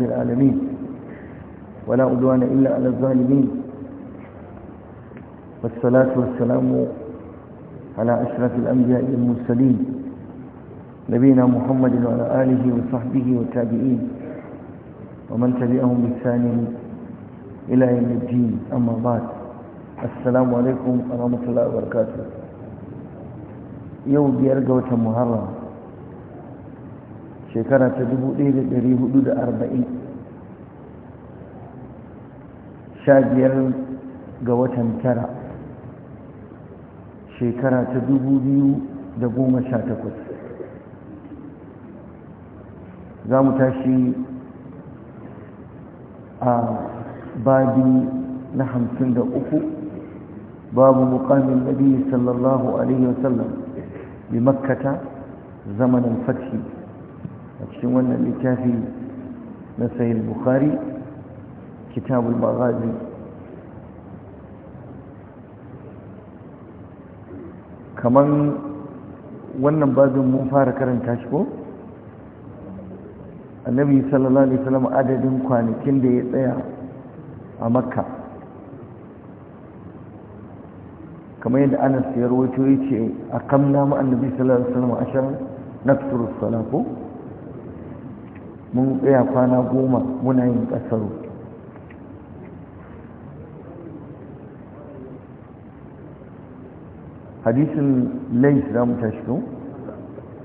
رب العالمين ولا عدوان إلا على الظالمين والصلاة والسلام على أشرف الأنبياء المرسلين نبينا محمد وعلى آله وصحبه والتابعين ومن تبعهم بإحسان إلى يوم الدين أما بعد السلام عليكم ورحمة الله وبركاته يوم بيرجع محرم shekara ta 1440 sha biyar ga watan tara shekara ta 2018 za mu tashi a babi na hamsin da uku babu mukamin nabi sallallahu alaihi wasallam bi makkata zamanin fatih a cikin wannan littafi na sahih bukhari kitabul maghazi kaman wannan bazin mun fara karanta shi ko annabi sallallahu alaihi wasallam adadin kwanakin da ya tsaya a makka kamar yadda anas ya rawaito yace akamna mu annabi sallallahu alaihi wasallam ashar naksuru salatu mun tsaya kwana goma muna yin kasaro. hadisin lais za mu tashi to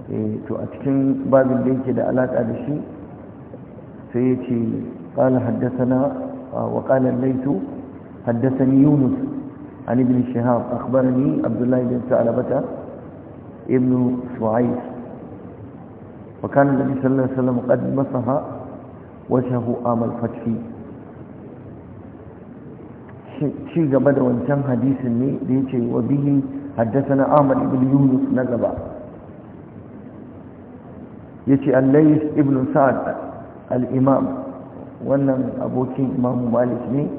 eh, to a cikin babin da yake da alaƙa da shi sai ya ce ƙala haddasana wa ƙalar laitu haddasani yunus an ibn shihab akhbarani abdullahi bin sa'alabata ibn su'aif فكان النبي صلى الله عليه وسلم قد مسح وجهه عام الفتح شيء gaba da wancan hadisin ne da yace wa bihi haddathana Ahmad ibn Yunus na gaba yace Al-Lays ibn Sa'd al-Imam wannan abokin Imam Malik ne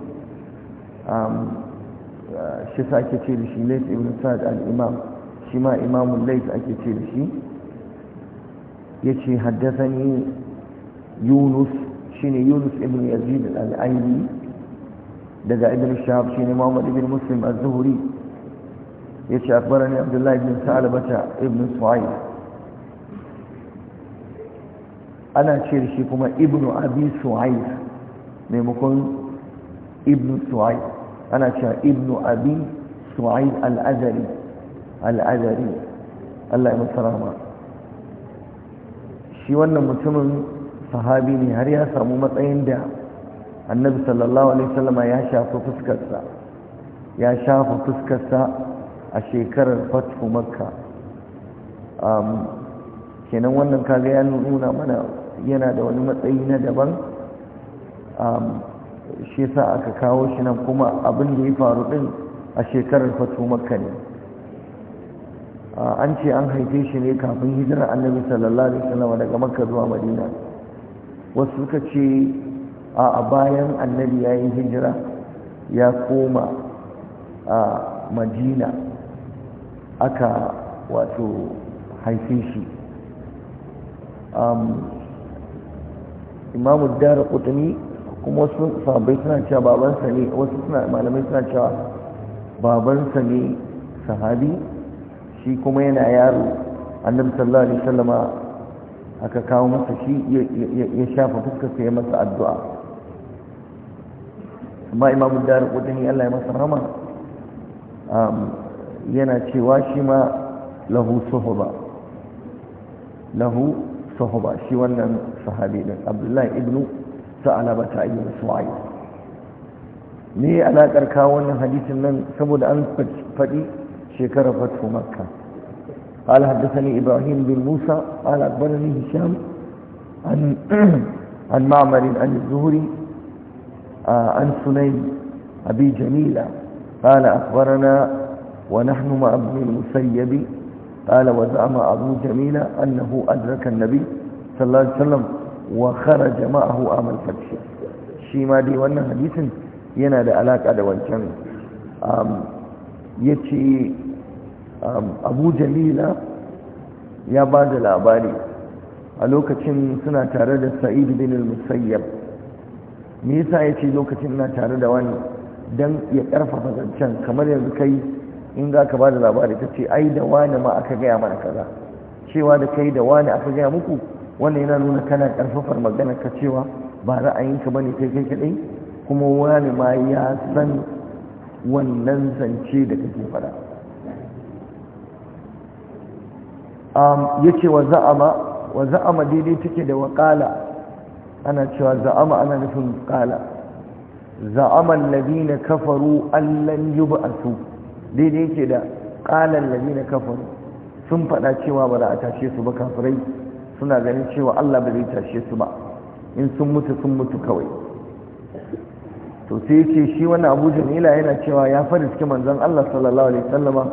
shi sa ake ce da shi Lays ibn Sa'd al-Imam shi ma Imamul ake ce da shi yace haddathani yunus shine yunus ibn yazid al-aini daga ibn shahab shine muhammad ibn muslim az-zuhri yace akbarani abdullah ibn salabata ibn su'ayd ana ce shi kuma ibn abi su'ayd maimakon ibn su'ayd ana cewa ibn abi su'ayd al-azari al Allah ya shi wannan mutumin sahabi ne har ya samu matsayin da annabi sallallahu alaihi wasallama ya shafa fuskarsa ya shafa fuskarsa a shekarar fatu makka kenan wannan kaga ya nuna mana yana da wani matsayi na daban shi sa aka kawo shi nan kuma abin da ya faru din a shekarar fatu makka ne an ce an haife shi ne kafin hijirar annabi sallallahu alaihi wasallam daga makka zuwa madina wasu suka ce a bayan annabi ya yi hijira ya koma a madina aka wato haife shi imamu dara kutumi kuma wasu sabai suna cewa babansa ne wasu malamai suna cewa babansa ne sahabi shi kuma yana yaro annabi sallallahu alaihi wasallama aka kawo masa shi ya shafa fuskar sai masa addu'a amma imamu dar qudani Allah ya masa rama. Um, yana cewa shi ma lahu suhuba lahu suhuba shi wannan sahabi din Abdullahi ibnu alaba ta ibnu Su'ayb ne alakar kawo wannan hadisin nan saboda an faɗi شكر فتح مكة قال حدثني إبراهيم بن موسى قال أخبرني هشام عن عن معمر عن الزهري آه، عن سنين أبي جميلة قال أخبرنا ونحن مع ابن المسيب قال وزعم أبو جميلة أنه أدرك النبي صلى الله عليه وسلم وخرج معه أمل فتح شيما دي وانا حديث ينادى yana da alaƙa ya ce um, abu jamila ya ba da labari a lokacin suna tare da sa'id bin al-musayyab me yasa ya ce lokacin na tare da wani don ya karfafa zancen kamar yanzu kai in za ka ba da labari ta ce ai da wani ma aka gaya mana kaza cewa da kai da wani aka gaya muku wannan yana nuna kana karfafar maganar ka cewa ba ra'ayinka bane kai kai kadai kuma wani ma ya san wannan zance da kake fada um yace wa za'ama wa za'ama daidai take da waqala ana cewa za'ama ana nufin qala za'ama alladhina kafaru an lan yub'athu daidai yake da qala alladhina kafaru sun fada cewa ba za a tashe su ba kafirai suna ganin cewa Allah ba zai tashe su ba in sun mutu sun mutu kawai to sai ce shi wannan abu jamila yana cewa ya fara cikin manzan Allah sallallahu alaihi wasallama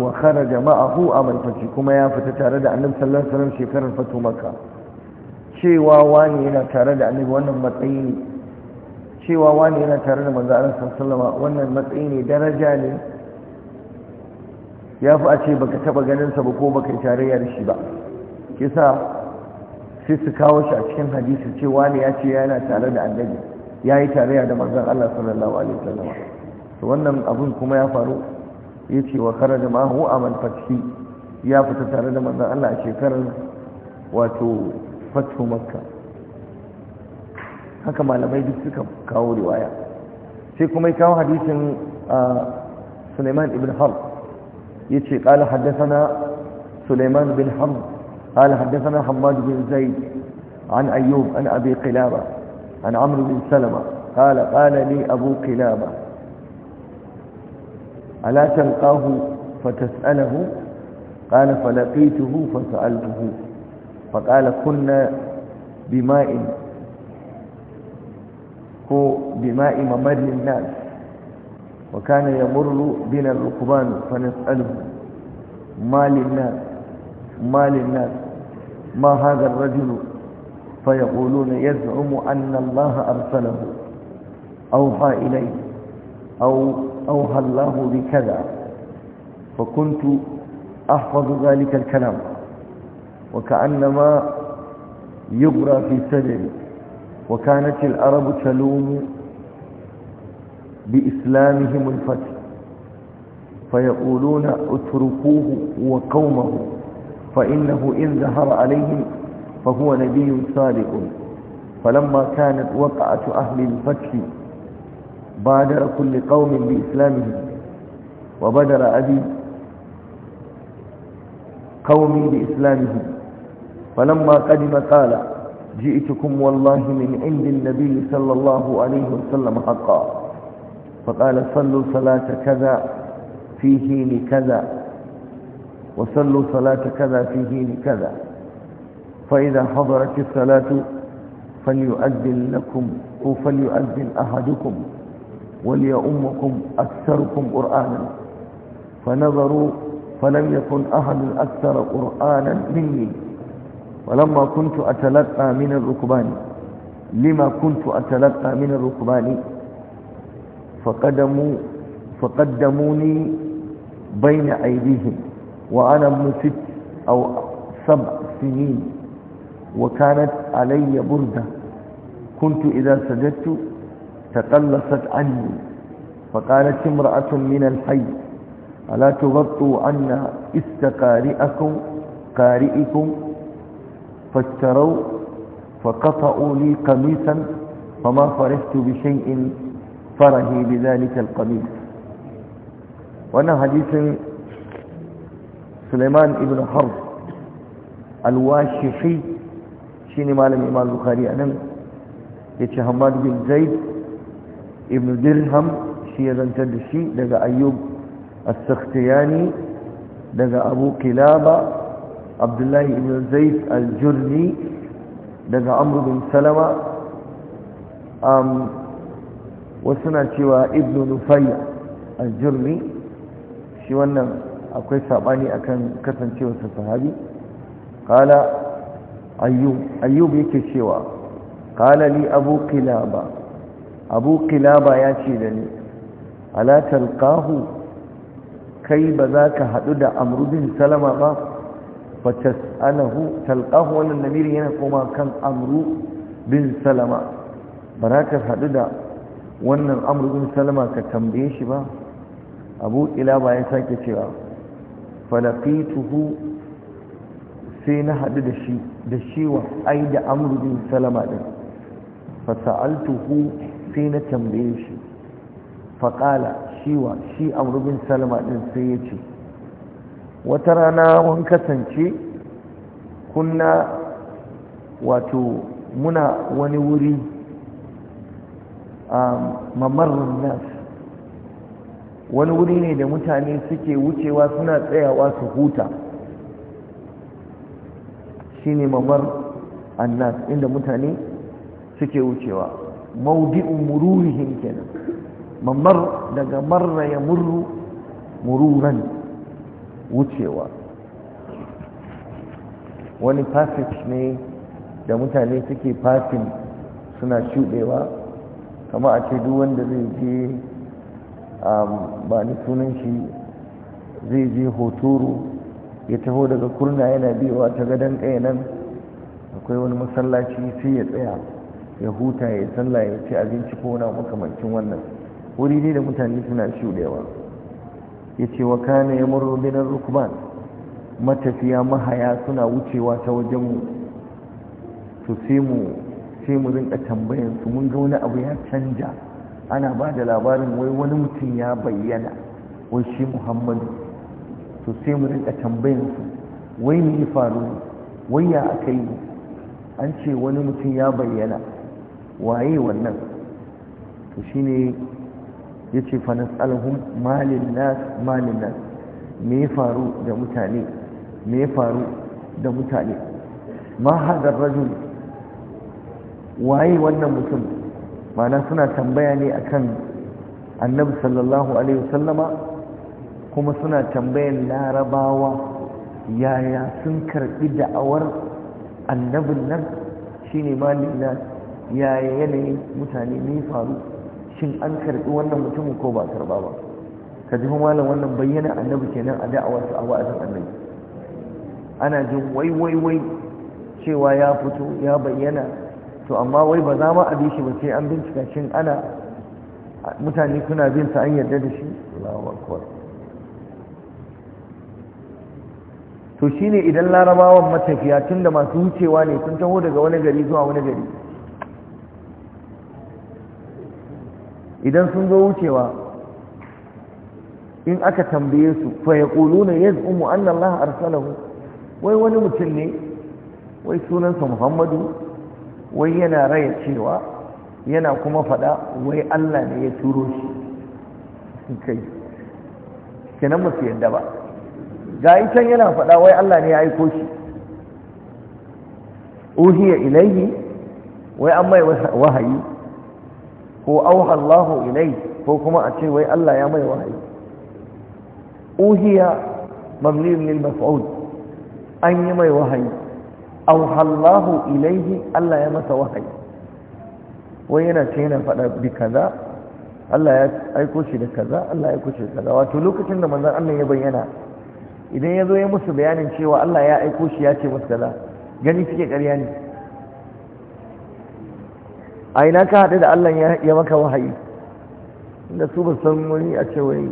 wa kharaja ma'ahu amal fati kuma ya fita tare da annabi sallallahu alaihi wasallam shekarar fatu makka cewa wani yana tare da annabi wannan matsayi ne cewa wani yana tare da manzon Allah sallallahu alaihi wasallama wannan matsayi ne daraja ne ya fi a ce baka taba ganin sa ba ko baka tarayya da shi ba kisa sai su kawo shi a cikin hadisi cewa ne ya ce yana tare da annabi Ya yi tarayya da manzan Allah sallallahu alaihi wasallam to wannan abun kuma ya faru ya yace wa kharaja ma hu amal fathi ya fita tare da manzan Allah a shekarar wato fathu makka haka malamai duk suka kawo riwaya sai kuma ya kawo hadisin Suleiman ibn Harb yace qala haddathana سليمان بن حرب قال حدثنا Hamadu bin زيد عن Ayyub, عن أبي قلابة عن عمرو بن سلمة قال قال لي أبو كلابة ألا تلقاه فتسأله قال فلقيته فسألته فقال كنا بماء هو بماء ممر الناس وكان يمر بنا الركبان فنسأله ما للناس ما للناس ما هذا الرجل فيقولون يزعم أن الله أرسله أوحى إليه أو أوحى الله بكذا فكنت أحفظ ذلك الكلام وكأنما يبرى في سجري وكانت العرب تلوم بإسلامهم الفتح فيقولون اتركوه وقومه فإنه إن ظهر عليهم فهو نبي صادق فلما كانت وقعة أهل الفتح بادر كل قوم بإسلامهم وبدر أبي قومي بإسلامهم فلما قدم قال جئتكم والله من عند النبي صلى الله عليه وسلم حقا فقال صلوا صلاة كذا في حين كذا وصلوا صلاة كذا في حين كذا فإذا حضرت الصلاة فليؤذن لكم أو فليؤذن أحدكم وليؤمكم أكثركم قرآنا فنظروا فلم يكن أحد أكثر قرآنا مني ولما كنت أتلقى من الركبان لما كنت أتلقى من الركبان فقدموا فقدموني بين أيديهم وأنا ابن ست أو سبع سنين وكانت علي بردة كنت إذا سجدت تقلصت عني فقالت امرأة من الحي ألا تغطوا عنا استقارئكم قارئكم فاشتروا فقطعوا لي قميصا فما فرحت بشيء فرهي بذلك القميص وانا حديث سليمان ابن حرب الواشحي shi ne malam imam bukhari a nan ya ce hamad bin zaid ibn dirham shi ya zantar da shi daga ayyub al sakhtiyani daga abu kilaba abdullahi ibn zaid al-jurni daga amru bin salama wasu na cewa ibn nufai al-jurni shi wannan akwai saɓani akan kasancewarsa sahabi kala ayyub ayyub yake cewa qala li abu qilaba abu qilaba ya ce da ni ala talqahu kai ba za ka haɗu da amru salama ba fa tas'alahu talqahu wannan namiri yana koma kan amru bin salama ba za ka hadu da wannan amru salama ka tambaye shi ba abu qilaba ya sake cewa falaƙituhu sai na haɗu da shi da shi wa ai da amru bin salama din fa sa'altuhu sai na tambaye shi fa qala shi wa shi amru bin salama din sai ya ce wata rana mun kasance kunna wato muna wani wuri a mamarin nas wani wuri ne da mutane suke wucewa suna tsayawa su huta shine mamar annas inda mutane suke wucewa mawdi'u mururihim kenan mamar daga marra ya murru mururan wucewa wani passage ne da mutane suke fatin suna shuɗewa kama a ce duk wanda zai je um, ba ni sunan shi zai je hotoro ya taho daga kurna yana biyowa ta gadon ɗaya nan akwai wani masallaci sai ya tsaya ya huta ya sallah ya ci abinci ko wani makamancin wannan wuri ne da mutane suna shuɗewa ya ce wa kane ya murro binar rukman matafiya mahaya suna wucewa ta wajenmu to sai mu sai mu rinka tambayan su mun ga wani abu ya canja ana ba da labarin wai wani mutum ya bayyana wai shi muhammadu to sai mu rinka tambayin su wai me ya faru wai ya aka yi an ce wani mutum ya bayyana waye wannan to shi ne ya ce fa nas'aluhum malin nas malin nas me ya faru da mutane me ya faru da mutane ma hadar rajul waye wannan mutum ma'ana suna tambaya ne akan annabi sallallahu alaihi wasallama kuma suna tambayan larabawa yaya sun karɓi da'awar annabin nan shi shine malina yaya yanayin mutane ne faru shin an karɓi wannan mutumin ko ba karɓa ba ka ji malam wannan bayyana annabi kenan a da'awarsa a wa'azin annabi ana jin wai wai wai cewa ya fito ya bayyana to amma wai ba za ma a bi shi ba sai an bincika shin ana mutane kuna bin sa an yarda da shi Allahu akbar to shine idan larabawan matafiya tunda masu wucewa ne sun taho daga wani gari zuwa wani gari idan sun zo wucewa in aka tambaye su fa yaquluna yaz'umu anna Allah arsalahu wai wani mutum ne wai sunansa Muhammadu wai yana raya cewa yana kuma fada wai Allah ne ya turo shi kai kenan musu yadda ba ga yi can yana faɗa wai Allah ne ya aiko shi uhiya ilayhi wai an mai wahayi ko auha Allahu ilayhi ko kuma a ce wai Allah ya mai wahayi uhiya mamliyun lil maf'ul an yi mai wahayi auha Allahu ilayhi Allah ya masa wahayi wai yana ce yana faɗa bi kaza Allah ya aiko shi da kaza Allah ya aiko shi da kaza wato lokacin da manzon Allah ya bayyana idan ya zo ya musu bayanin cewa Allah ya aiko shi ya ce musu da gani suke ƙarya ne a ina ka haɗu da Allah ya maka wahayi inda su ba san wani a ce wai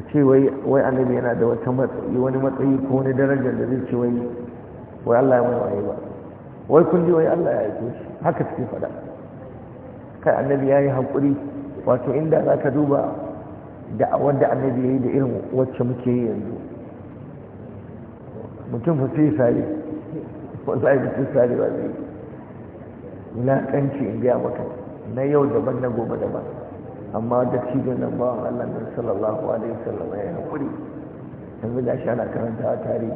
a ce wai wai annabi yana da wata matsayi wani matsayi ko wani darajar da zai ce wai wai Allah ya mai wahayi ba wai kun ji wai Allah ya aiko shi haka suke faɗa kai annabi ya yi haƙuri wato inda za ka duba da wanda annabi ya yi da irin wacce muke yi yanzu mutum fa sai sare wallahi mutum sare ba zai kanci in biya maka na yau daban na gobe daban amma da cibin nan bawan Allah nan sallallahu alaihi wasallam ya haƙuri yanzu da shi ana karanta tarihi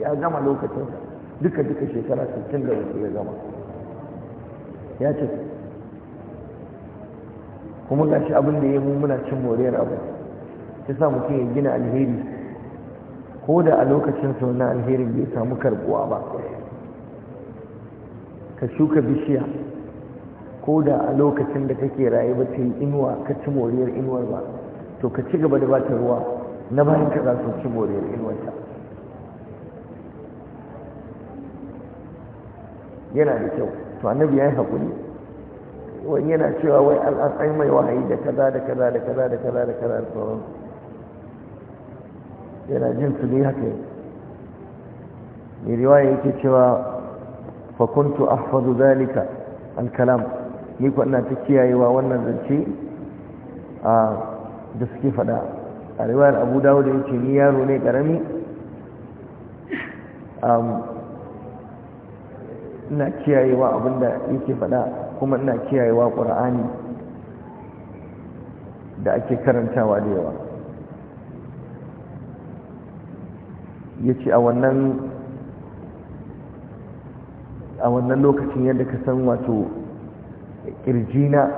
ya gama lokacin duka duka shekara 60 da wuce ya gama ya ce kuma shi abin da ya yi muna cin moriyar abu ta sa mutum ya gina alheri ko da a lokacin na alherin bai samu karbuwa ba ka shuka bishiya ko da a lokacin da kake raye ba ta yi inuwa ka ci moriyar inuwar ba to ka ci gaba da ba ta ruwa na bayan ka za su ci moriyar inuwarta yana da kyau to annabi ya yi haƙuri wani yana cewa wai an mai wahayi da kaza da kaza da kaza da kaza da kaza da sauransu yana jin su ne haka mai riwaya yake cewa fa kuntu ahfazu zalika al-kalam ni ko ina ta kiyayewa wannan zance a da suke fada a riwayar Abu Dawud yake ni yaro ne karami um ina kiyayewa abinda yake fada kuma ina kiyayewa Qur'ani da ake karantawa da yawa ya ce a wannan lokacin yadda ka san wato ƙirjina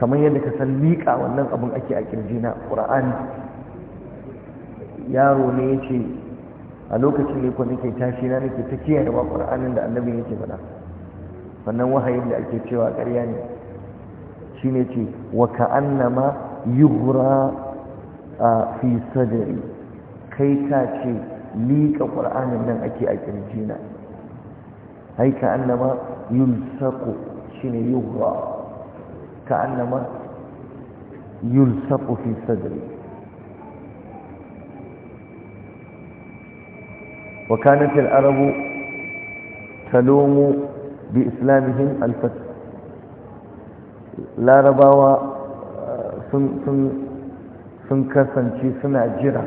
kamar yadda ka san liƙa wannan abin ake a ƙirjina ƙura'ani yaro ne ya ce a lokacin ne kwanne ke tashi na nake ta kiyaye wa ƙura'anin da annabin yake faɗa wannan wahayin da ake cewa ƙarya ne shi ne ce wa ka'annama yuhura a fi sadari kai ka ce liƙa ƙur'anin nan ake a ƙirjina ai ka annama yulsaku shi ne yuhra ka annama yulsaku fi sadri wa kanat al-arabu talumu bi islamihim al-fath larabawa sun kasance suna jira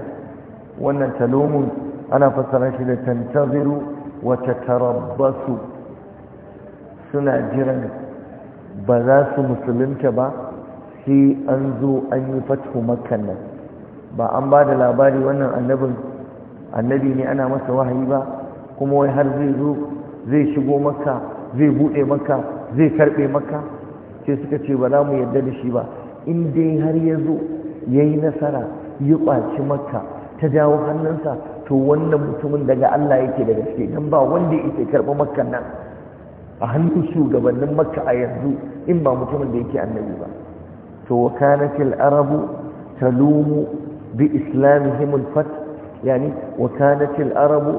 wannan talomin ana fassara shi da tantaziru wa tatarabbasu suna jiran ba za su musulunta ba sai an zo an yi fathu makkan nan ba an ba da labari wannan annabin annabi ne ana masa wahayi ba kuma wai har zai zo zai shigo maka zai bude maka zai karbe maka sai suka ce ba za mu yarda da shi ba in dai har ya zo ya yi nasara ya ƙwaci maka ta jawo hannunsa to wannan mutumin daga Allah yake da gaske don ba wanda yake karɓi makkan nan a hannun shugabannin makka a yanzu in ba mutumin da yake annabi ba to wakanatil arabu talumu bi islamihim al-fat yani wakanatil arabu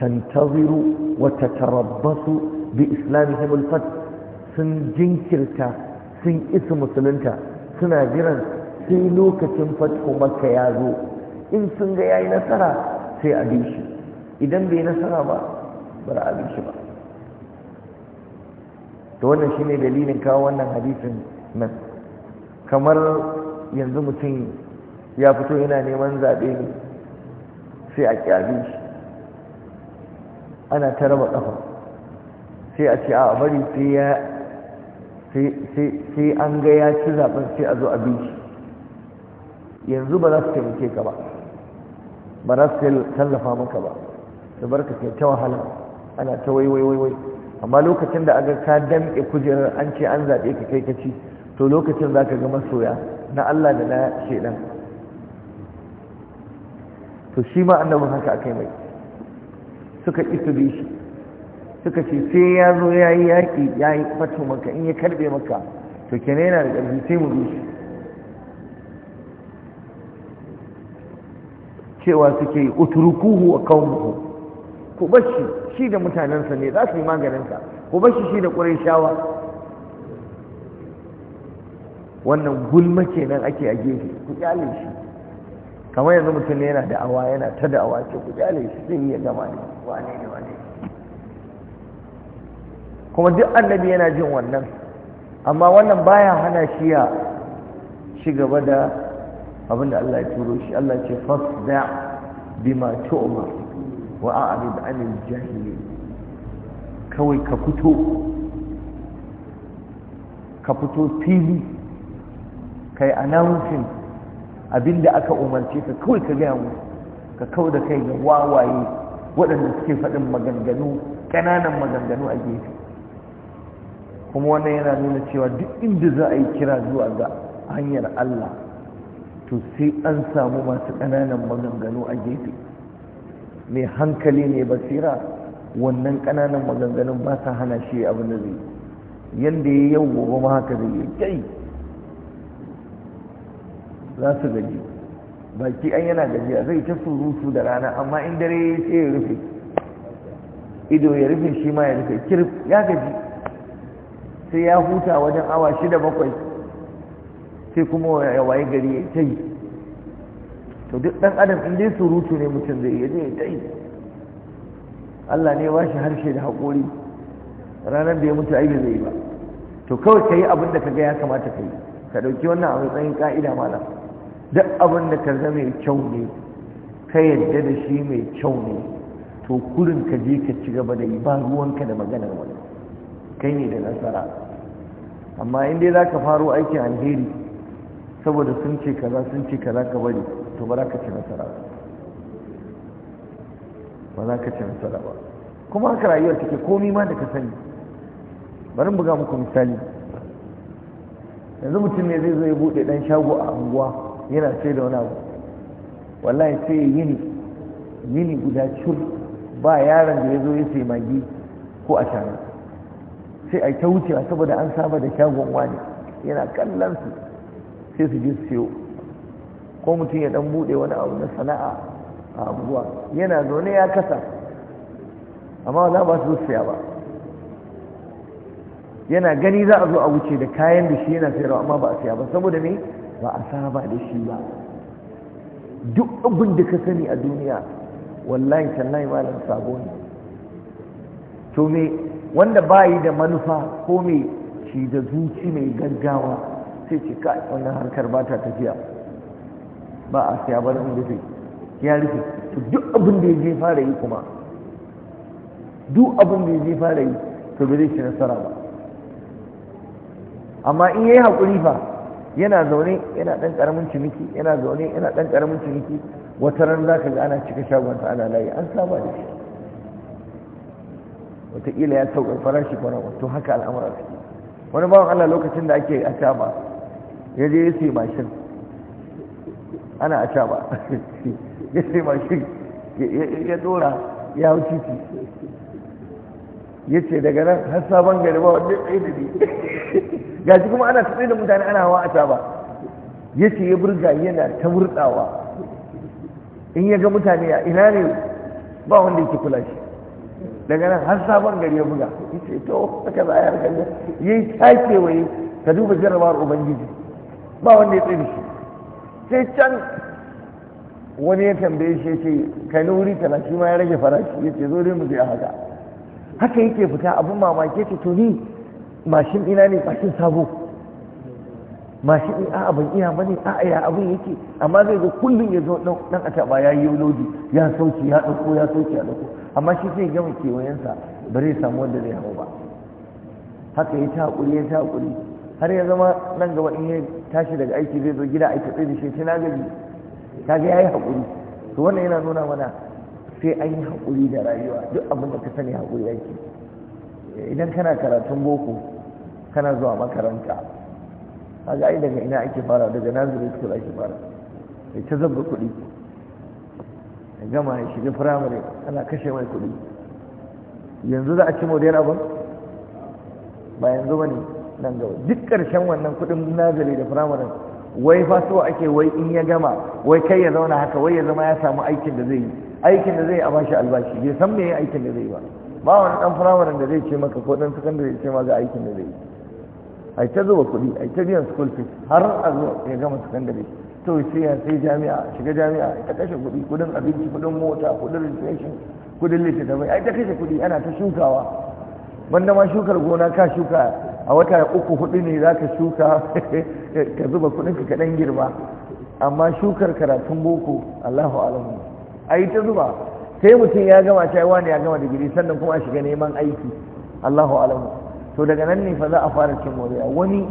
tantaziru wa tatarabbasu bi islamihim al-fat sun jinkirta sun isa musulunta suna jiran sai lokacin fathu makka ya zo in sun ga yayi nasara sai a bi shi idan bai nasara ba ba a bi shi ba to wannan shine dalilin kawo wannan hadisin nan kamar yanzu mutum ya fito yana neman zaɓe ne sai a ƙyale shi ana ta raba ƙafa sai a ce a bari sai an ga ya ci zaɓen sai a zo a bi shi yanzu ba za su taimake ka ba ba za su tallafa maka ba su barka ke ta wahala ana ta waiwaiwai amma lokacin da aga ka damke kujerar an ce an zaɓe ka kai kaci to lokacin za ka ga masoya na Allah da na shaidan to shi ma annabin haka akai mai suka isu su bi shi suka ce sai ya zo ya yi yaƙi ya yi fato maka in ya karbe maka to kene yana da ƙarfi sai mu bi shi cewa suke utrukuhu wa qaumuhu ku bashi shi da mutanansa ne za su yi maganinsa ku bashi shi da ƙurayshawa wannan gulma kenan ake a gefe ku kyale shi kamar yanzu mutum ne yana da'awa yana ta da'awa ce ku kyale shi zai iya gama ne wane ne wane kuma duk annabi yana jin wannan amma wannan baya hana shi ya shi gaba da abinda Allah ya turo shi Allah ce fasda bima tu'mar wa a'rid 'anil jahilin kawai ka fito ka fito fili kai announcing abinda aka umarce ka kawai ka gaya mu ka kau da kai ga wawaye waɗanda suke faɗin maganganu ƙananan maganganu a gefe kuma wannan yana nuna cewa duk inda za a yi kira zuwa ga hanyar Allah to sai an samu masu ƙananan maganganu a gefe mai hankali ne basira wannan ƙananan maganganun ba sa hana shi abu na zai yadda ya yau gobe ma haka zai yi kai za su gaji baki an yana gajiya zai ta surutu da rana amma in dare ya ce ya rufe ido ya rufe shi ma ya rufe kirif ya gaji sai ya huta wajen awa shida bakwai sai kuma ya waye gari ya ta yi to duk ɗan adam inda ya surutu ne mutum zai yi ya ta yi Allah ne ba shi harshe da haƙori ranar da ya mutu aiki zai yi ba to kawai ka yi abin da ka ga ya kamata ka yi ka ɗauki wannan a matsayin ƙa'ida malam duk abin da ka zama mai kyau ne ka yadda da shi mai kyau ne to kurin ka je ka ci gaba da yi ba ruwanka da maganar wani kai ne da nasara amma in dai za ka faro aikin alheri saboda sun ce kaza sun ce kaza ka bari to ba za ka ci nasara ba za ka ci nasara ba kuma haka rayuwar take komi ma da ka sani bari buga muku misali yanzu mutum ne zai zo ya bude dan shago a unguwa yana sai da wani abu wallahi sai yini yini guda cur ba yaron da ya zo ya sai magi ko a shana sai a ta wucewa saboda an saba da shagon wani yana kallon su sai su ji su siyo ko mutum ya dan bude wani abu na sana'a a abubuwa yana zaune ya kasa amma wala ba su siya ba yana gani za a zo a wuce da kayan da shi yana sayarwa amma ba a siya ba saboda me ba a saba da shi ba duk abin da ka sani a duniya wallahi tallahi malam sabo ne to me wanda bayi da manufa ko me shi da zuci mai gaggawa sai ce kai wannan harkar ba ta tafiya ba a siya ba in rufe ya rufe to duk abin da ya je fara yi kuma duk abin da ya je fara yi to bai zai ci nasara ba amma in yayi hakuri fa yana zaune yana dan karamin ciniki yana zaune yana dan karamin ciniki wata ran zaka ga ana cika shagon ta ana layi an saba da shi wataƙila ya sauƙa farashi kwana to haka al'amura suke wani bawan Allah lokacin da ake a ya je ya sai mashin ana a sha ba ya sai mashin ya dora ya hau titi ya ce daga nan har sabon gari ba wanda tsaye da ni gashi kuma ana tsaye da mutane ana hawa a sha ba ya ce ya burga yana ta murɗawa in ya ga mutane a ina ne ba wanda yake kula shi daga nan har sabon gari ya buga ya ce to aka zaya harkar ya yi takewaye ka duba jarabar ubangiji ba wanda ya tsiri shi sai can wani ya tambaye shi ce kai na wuri tana shi ma ya rage farashi ya ce zo dai mu zai haka haka yake fita abin mamaki ce to ni mashin ina ne mashin sabo mashin in a abin iya bane a a ya abin yake amma zai zo kullum ya zo dan a taba ya yi lodi ya sauki ya dauko ya sauki ya dauko amma shi zai gama kewayensa ba zai samu wanda zai hau ba haka ya ta hakuri ya ta hakuri har ya zama nan gaba in ya tashi daga aiki zai zo gida aiki tsaye da shi sai na gaji ya yayi hakuri to wannan yana nuna mana sai an yi hakuri da rayuwa duk abin da ka sani hakuri yake idan kana karatun boko kana zuwa makaranta ga ai daga ina ake fara daga nazari school ake fara sai ta zabba kuɗi ya gama ya shiga firamare ana kashe mai kuɗi yanzu za a ci moriyar abin ba yanzu ba ne nan gaba duk ƙarshen wannan kuɗin nazari da firamarin wai fa so ake wai in ya gama wai kai ya zauna haka wai ya zama ya samu aikin da zai yi aikin da zai a bashi albashi bai san me aikin da zai yi ba ba wani ɗan firamarin da zai ce maka ko ɗan sakandare ce ma ga aikin da zai yi a ta zuba kuɗi a ta biyan school fees har a zo ya gama sakandare to sai ya sai jami'a shiga jami'a ta kashe kuɗi kuɗin abinci kuɗin mota kuɗin registration kuɗin littattafai ai ta kashe kuɗi ana ta shukawa banda ma shukar gona ka shuka a wata uku hudu ne za ka shuka ka zuba kudinka kaɗan girma amma shukar karatun boko allahu alamu a yi ta zuba sai mutum ya gama shaiwa ne ya gama digiri sannan kuma a shiga neman aiki allahu alamu to daga nan ne fa za a fara cin moriya wani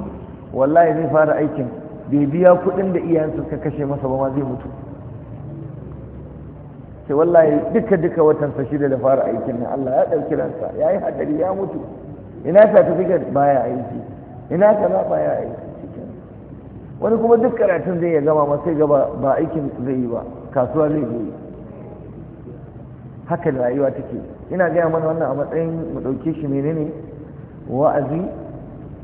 wallahi zai fara aikin bai biya kudin da iyayensu suka kashe masa ba ma zai mutu sai wallahi duka duka watan sa shida da fara aikin nan Allah ya ɗauki ransa ya yi hadari ya mutu ina certificate baya aiki ina kaza baya aiki wani kuma duk karatun zai ya gama ma sai gaba ba aikin zai yi ba kasuwa zai yi haka da rayuwa take ina gaya mana wannan a matsayin mu ɗauke shi menene wa'azi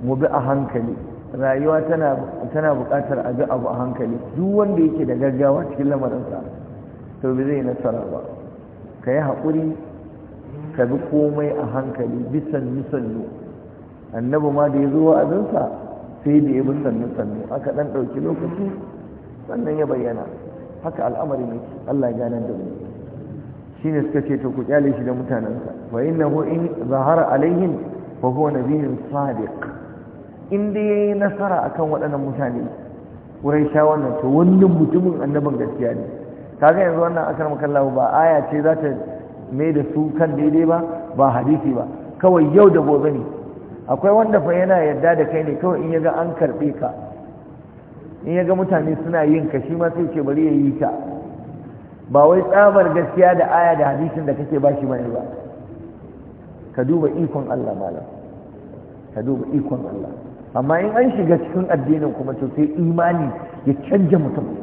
mu bi a hankali rayuwa tana buƙatar a bi abu a hankali duk wanda yake da gaggawa cikin lamarinsa to bi zai nasara ba ka yi haƙuri ka bi komai a hankali bisan sannu annabi ma da ya zo wa'azinsa sai da ya bi sannu sannu aka dan ɗauki lokaci sannan ya bayyana haka al'amari ne Allah ya gane da mu shine suka ce to ku kyale shi da mutanensa fa innahu in zahara alaihim fa huwa nabiyyun sadiq in dai yayi nasara akan waɗannan mutane wurin sha wannan to wannan mutumin annabin gaskiya ne kaga yanzu wannan akar makallahu ba aya ce za ta mai da su kan daidai ba ba hadisi ba kawai yau da gobe ne akwai wanda fa yana yarda da kai ne kawai in yaga an karbe ka in yaga mutane suna yin ka shi ma sai ce bari ya yi ka ba wai tsabar gaskiya da aya da hadisin da kake bashi bane ba ka duba ikon Allah malam ka duba ikon Allah amma in an shiga cikin addinin kuma to sai imani ya canja mutum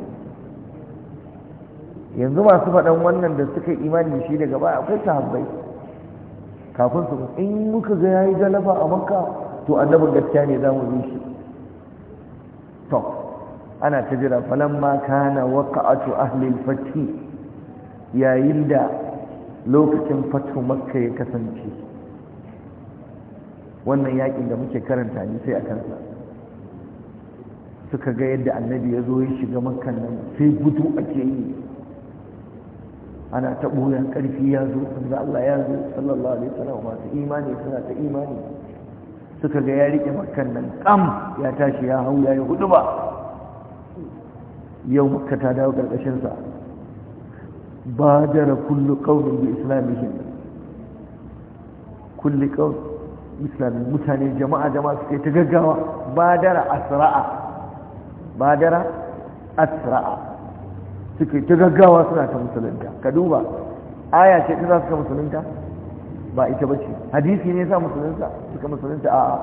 yanzu masu faɗan wannan da suka imani shi daga baya akwai sahabbai kafin su in muka ga yayi galaba a makka to annabin gaskiya ne zamu bi shi to ana ta jira ma kana waqa'atu ahli al-fath yayin da lokacin fatu makka ya kasance wannan yakin da muke karanta ni sai a kansa suka ga yadda annabi ya zo ya shiga makkan nan sai gudu ake yi ana ta ɓoyan ƙarfi ya zo da Allah ya zo sallallahu alaihi wasallam masu imani suna ta imani suka ga ya rike makkan nan kam ya tashi ya hau ya yi hudu ba yau makka ta dawo ƙarƙashin sa badara kullu qaumin bi islamihim kulli qaum islamin mutane jama'a jama'a suke ta gaggawa Ba badara asra'a badara asra'a suke ta gaggawa suna ta musulunta ka duba aya ce ta za su ka musulunta ba ita ba ce hadisi ne sa musulunta suka musulunta a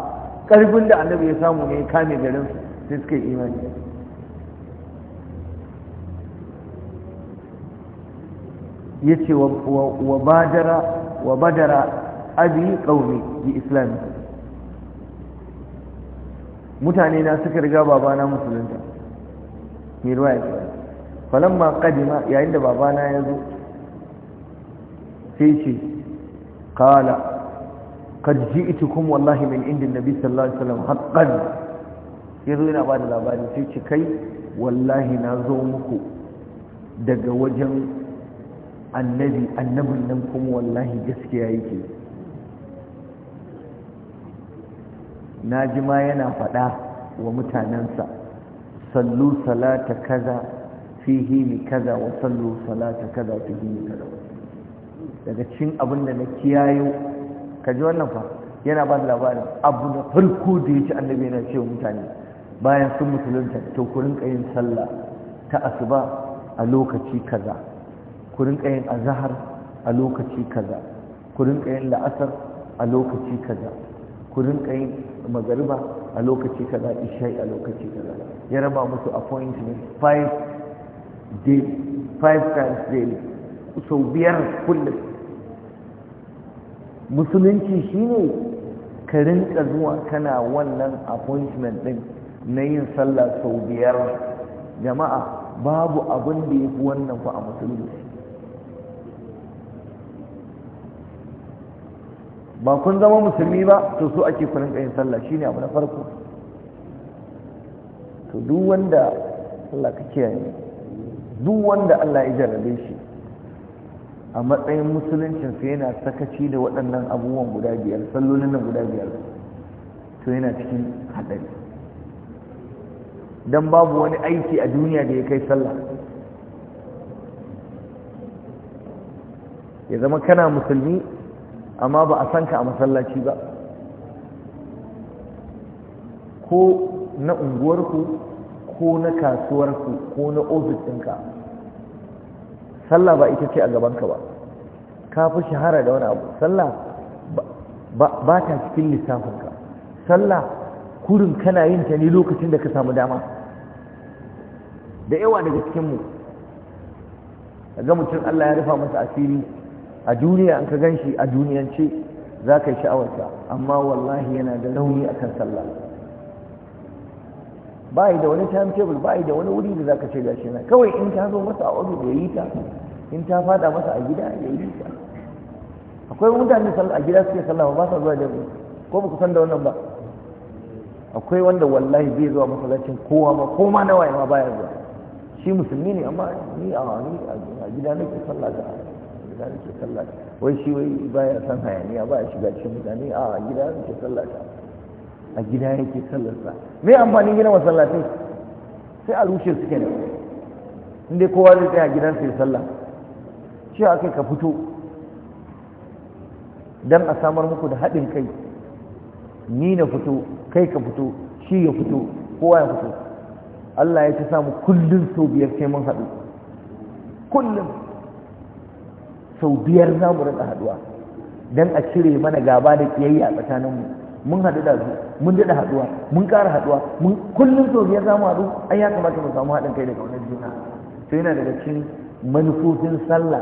ƙarfin da annabi ya samu ne kame garin sai suka yi imani ya ce wa badara wa badara abi ƙaumi bi islami mutane na suka riga babana musulunta mai ruwa ya ma kadima, yayin da babana ya zo sai ce qala qad kuma, wallahi min indin nabi sallallahu alaihi wasallam haqqan yazo yana ba da labari sai ce kai wallahi na zo muku daga wajen annabi annabin nan kuma wallahi gaskiya yake na ji ma yana faɗa wa mutanensa sallu salata kaza fi hini kaza wa sallu salata kaza fi hini kaza daga cikin abin da na kiyayo ka ji wannan fa yana ba da labarin abu da farko da ya ci annabi yana ce mutane bayan sun musulunta to ku rinka yin sallah ta asuba a lokaci kaza ku rinka yin azhar a lokaci kaza ku rinka yin la'asar a lokaci kaza ku rinka yin magariba a lokaci kaza isha'i a lokaci kaza ya raba musu appointment five. daily five times daily sau biyar kullum musulunci shine ka rinka zuwa kana wannan appointment din na yin sallah sau biyar jama'a babu abin da ya fi wannan fa a musulunci ba kun zama musulmi ba to so ake ku rinka yin sallah shine abu na farko to duk wanda Allah ka kiyaye duk wanda Allah ya jarabe shi a matsayin musuluncinsa yana sakaci da waɗannan abubuwan guda biyar sallolin nan guda biyar to yana cikin haɗari don babu wani aiki a duniya da ya kai sallah ya zama kana musulmi amma ba a san ka a masallaci ba ko na unguwarku ko na kasuwarku ko na ofis ɗinka sallah ba ita ce a gabanka ba ka fi shahara da wani abu sallah ba ta cikin lissafinka sallah kurin kana yin ta ne lokacin da ka samu dama da yawa daga cikinmu ga mutum Allah ya rufa masa asiri a duniya an ka gan shi a duniyance za ka yi sha'awarsa amma wallahi yana da launi akan sallah ba yi da wani timetable ba yi da wani wuri da za ka ce gashi na kawai in ta zo masa a ofis ya yi ta in ta fada masa a gida ya yi ta akwai mutane a gida suke sallama ba sa zuwa jami'i ko ba ku san da wannan ba akwai wanda wallahi bai zuwa masallacin kowa ma ko ma nawaye ma baya zuwa shi musulmi ne amma ni a ni a gida nake sallah da gida nake sallah wai shi wai baya san hayaniya baya shiga cikin mutane a gida nake sallah da a gida yake sallarsa me amfanin gina masallatai sai a rushe su kenan inda kowa zai tsaya gidan ya sallah shi a kai ka fito Don a samar muku da haɗin kai ni na fito kai ka fito shi ya fito kowa ya fito Allah ya ci samu kullum sau biyar sai mun haɗu kullum sau biyar za mu rika haɗuwa don a cire mana gaba da ƙiyayya a tsakaninmu mun haɗu da su mun daɗa haɗuwa mun ƙara haɗuwa mun kullum sau biyar zamu haɗu an ya kamata mu samu haɗin kai daga wani juna to yana daga cikin manufofin sallah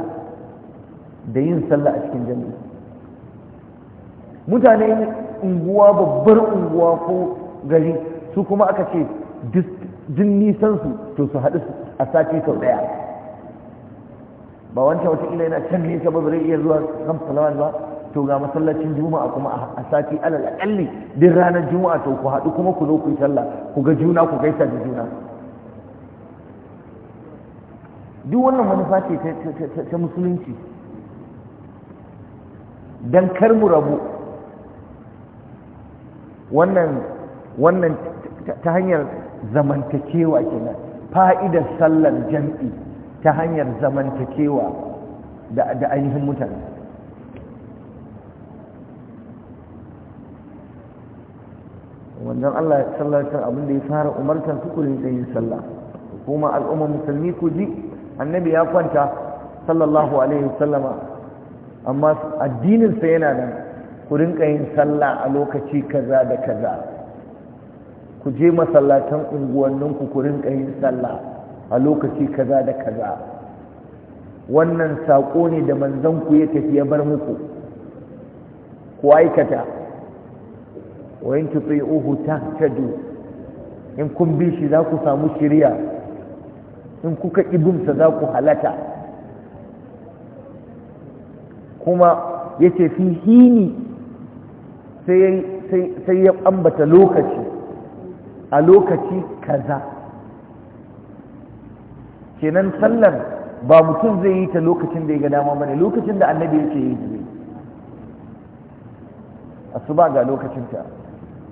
da yin sallah a cikin jami'i mutane unguwa babbar unguwa ko gari su kuma aka ce jin nisan su to su haɗu a sati sau ɗaya ba wancan wata ila yana can nisa ba zai iya zuwa kan salawa ba to ga masallacin juma'a kuma a sati alal akalli din ranar juma'a to ku haɗu kuma ku zo ku yi sallah ku ga juna ku gaisa da juna duk wannan manufa ce ta musulunci don kar mu rabu wannan wannan ta hanyar zamantakewa kenan fa'idar sallar jam'i ta hanyar zamantakewa da ainihin mutane wanzan Allah sallallahu alaihi abin da ya fara umartar su kullun da yin sallah kuma al'umma musulmi ku ji annabi ya kwanta sallallahu alaihi wasallama amma addinin yana nan ku rinka yin sallah a lokaci kaza da kaza ku je masallatan unguwanninku ku rinka yin sallah a lokaci kaza da kaza wannan saƙo ne da manzanku ya tafi ya bar muku ku aikata wa in tuti'uhu tahtadu in kun bi shi za ku samu shiriya in kuka ibinsa za ku halata kuma yace fi hini sai ya ambata lokaci a lokaci kaza kenan sallar ba mutum zai yi ta lokacin da ya ga dama bane lokacin da annabi yake yi zai asuba ga ta.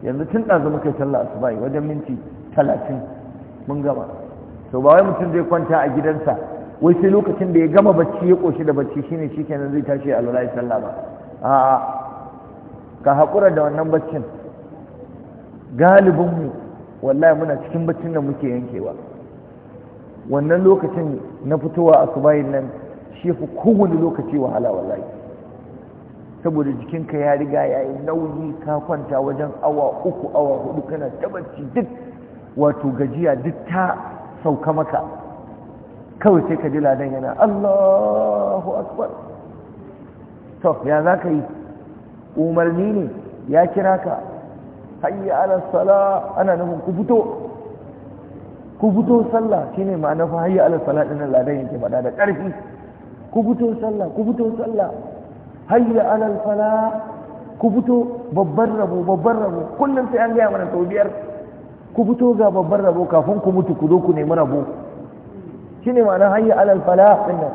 yanzu tun ɗazu muka yi sallah asubahi wajen minti talatin mun gama to ba wai mutum zai kwanta a gidansa wai sai lokacin da ya gama bacci ya ƙoshi da bacci shine shikenan zai tashi a lura sallah ba a'a ka haƙura da wannan baccin galibinmu wallahi muna cikin baccin da muke yankewa wannan lokacin na fitowa a subayin nan shi fi kowane lokaci wahala wallahi saboda jikinka ya riga ya yi nauyi ka kwanta wajen awa uku awa hudu kana tabbaci duk wato gajiya duk ta sauka maka kawai sai ka ji ladan yana Allahu akbar to ya za ka yi umarni ne ya kira ka hayya ala sala ana nufin ku fito ku fito sallah shine ma'ana fa hayya ala sala din ladan yake faɗa da ƙarfi ku fito sallah ku fito sallah hayya alal fala ku fito babban rabo babbar rabo kullum sai an gaya mana sau biyar ku fito ga babbar rabo kafin ku mutu ku zo ku nemi rabo shine ma'anar hayya alal fala din nan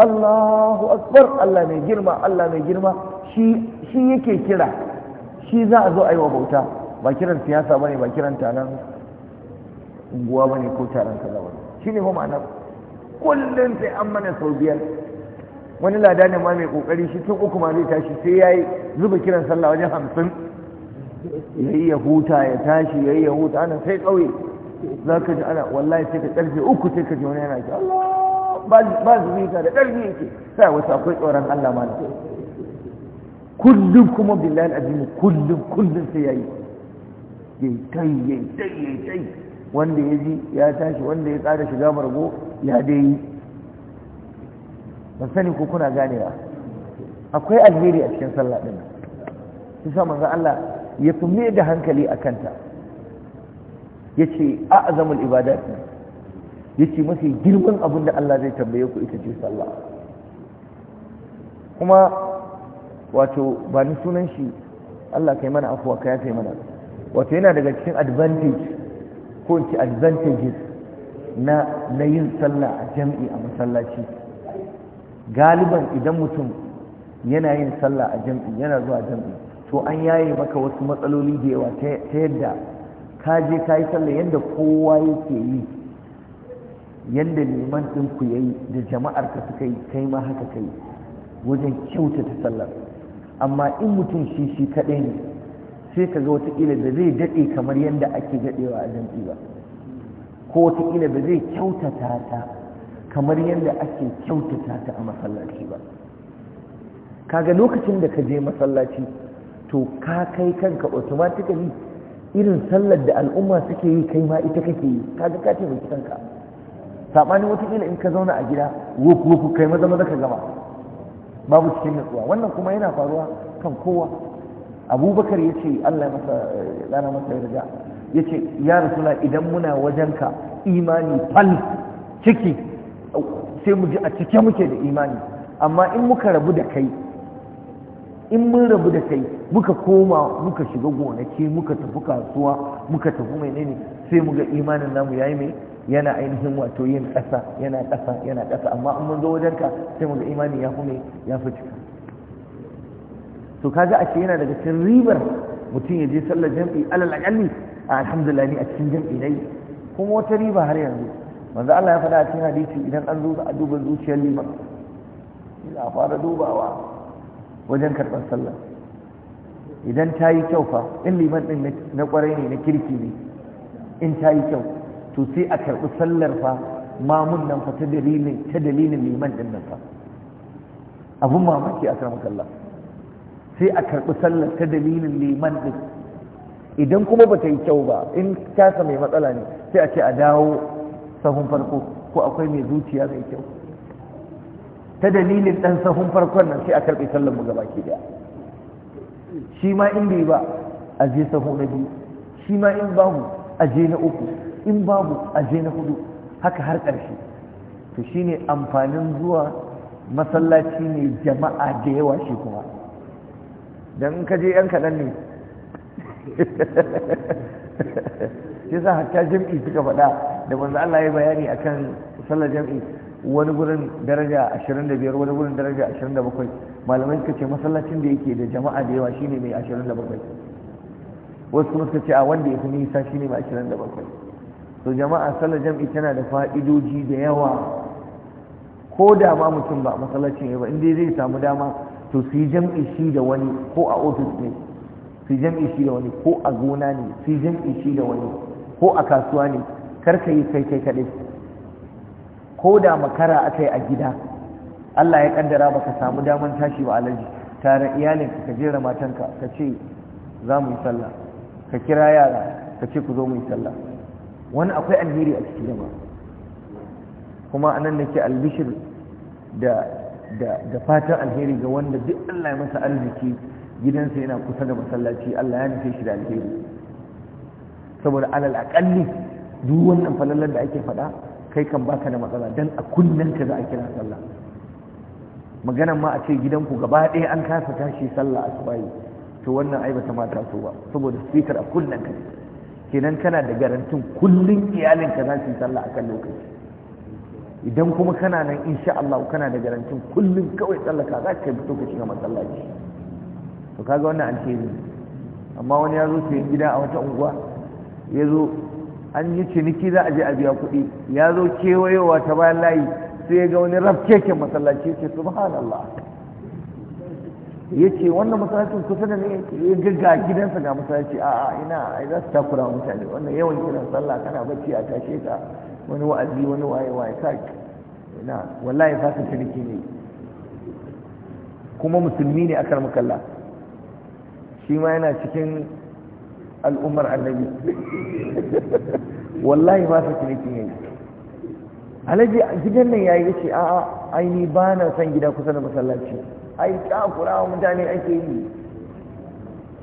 Allahu akbar Allah mai girma Allah mai girma shi shi yake kira shi za a zo a yi wa bauta ba kiran siyasa bane ba kiran taron unguwa bane ko taron kaza bane shine ko ma'ana kullum sai an mana sau biyar wani lada ne ma mai kokari shi tun uku ma zai tashi sai ya yi zuba kiran sallah wajen hamsin ya yi ya huta ya tashi ya yi ya huta ana sai kauye ka ji ana wallahi sai ka ƙarfe uku sai ka ji wani yana ki Allah ba ka da karfi yake sai wasu akwai tsoron Allah ma kullum kuma billahi alazim kullum kullum sai yayi yayi tai yayi tai yayi tai wanda ya ji ya tashi wanda ya tsara shiga margo ya dai ban sani ko kuna ganewa akwai alheri a cikin sallah din shi sa manzo Allah ya fi mai da hankali a kanta yace a'zamul ibadat yace mafi girman abin da Allah zai tambaye ku ita ce sallah kuma wato ba ni sunan shi Allah kai mana afuwa ka kai mana wato yana daga cikin advantage ko in ce advantages na na yin sallah a jam'i a masallaci galiban idan mutum yana yin sallah a jam'i yana zuwa jam'i to an yaye maka wasu matsaloli da yawa ta yadda ka je ka yi sallah yadda kowa yake yi yadda neman ɗin ku yayi da jama'ar ka suka yi kai ma haka kai wajen kyautata sallar amma in mutum shi shi kaɗai ne sai ka ga watakila da zai daɗe kamar yadda ake daɗewa a jam'i ba ko watakila da zai kyautata ta kamar yadda ake kyautata ta a masallaci ba kaga lokacin da ka je masallaci to ka kai kanka automatically irin sallar da al'umma suke yi kai ma ita kake yi kaga ka ce baki kanka sabanin watakila in ka zauna a gida woku woku kai maza maza ka gama babu cikin nutsuwa wannan kuma yana faruwa kan kowa abubakar ya ce allah masa eh, masa yarda ya ce ya rasula idan muna wajenka imani fal ciki sai mu ji a cike muke da imani amma in muka rabu da kai in mun rabu da kai muka koma muka shiga gonaki muka tafi kasuwa muka tafi mai menene sai mu ga imanin namu yayi mai yana ainihin wato yin ƙasa yana ƙasa yana ƙasa amma in mun zo wajenka sai mu ga imani ya fi mai ya fi cika to kaga a ce yana daga cikin ribar mutum ya je sallar jam'i alal akalli alhamdulillah ni a cikin jam'i dai kuma wata riba har yanzu manzo Allah ya faɗa a cikin hadisi idan an zo za a duba zuciyar liman za a fara dubawa wajen karɓar sallah idan ta yi kyau fa in liman ɗin na ƙwarai ne na kirki ne in ta yi kyau to sai a karɓi sallar fa mamun nan fa ta dalilin ta dalilin liman ɗin nan fa abun mamaki a karamar Allah sai a karɓi sallar ta dalilin liman ɗin idan kuma ba ta yi kyau ba in kasa mai matsala ne sai a ce a dawo sahun farko ko akwai mai zuciya mai kyau ta dalilin ɗan sahun farkon nan sai a karbe sallar mu ke da. shi ma in bai ba a je sahu na biyu shi ma in babu a je na uku in babu a je na hudu haka har ƙarshe to shine amfanin zuwa masallaci ne jama'a da yawa shi kuma don ka je yan kaɗan ne shi yasa hatta jam'i suka faɗa da manzo Allah ya bayani akan sallar jam'i wani gurin daraja 25 wani gurin daraja 27 malamai suka ce masallacin da yake da jama'a da yawa shine mai 27 wasu kuma suka ce a wanda ya fi nisa shine mai 27 to jama'a sallar jam'i tana da fa'idoji da yawa ko da ma mutum ba masallacin ya ba inda zai samu dama to su yi jam'i shi da wani ko a ofis ne su yi jam'i shi da wani ko a gona ne su yi jam'i shi da wani ko a kasuwa ne karka yi kai kai kaɗai ko da makara aka yi a gida Allah ya ba ka samu daman tashi ba alaji tare iyalinka ka jera matanka ka ce za mu yi sallah ka kira yara ka ce ku zo mu yi sallah wani akwai alheri a cikin jama'a kuma anan nake albishir da da da fatan alheri ga wanda duk Allah ya masa arziki gidansa yana kusa da masallaci Allah ya nufe shi da alheri saboda alal aƙalli duk wannan falalar da ake faɗa kai kan baka da matsala dan a kunnen ka za a kira sallah maganan ma a ce gidanku gaba ɗaya an kasa tashi sallah asubahi to wannan ai bata ma so ba saboda speaker a kunnen ka kenan kana da garantin kullun iyalinka za su yi sallah akan lokaci idan kuma kana nan insha Allah kana da garantin kullun kawai sallaka za ka yi lokaci ka shiga masallaci to kaga wannan alheri amma wani ya zo sayan gida a wata unguwa ya zo an yi ciniki za a je a biya kuɗi ya zo kewayowa ta bayan layi sai ya ga wani rafkeken masallaci ya ce subhanallah ya ce wannan masallacin kusa da ne ya gaga gidansa ga masallaci a a ina ai za su takura mutane wannan yawan kiran sallah kana bacci a tashe ka wani wa'azi wani waye waye ka ina wallahi fasa ciniki ne kuma musulmi ne akar makalla shi ma yana cikin al'ummar annabi wallahi ba su ciniki ne alhaji gidan nan yayi yace a a ai ni ba na son gida kusa da masallaci ai takura wa mutane ake yi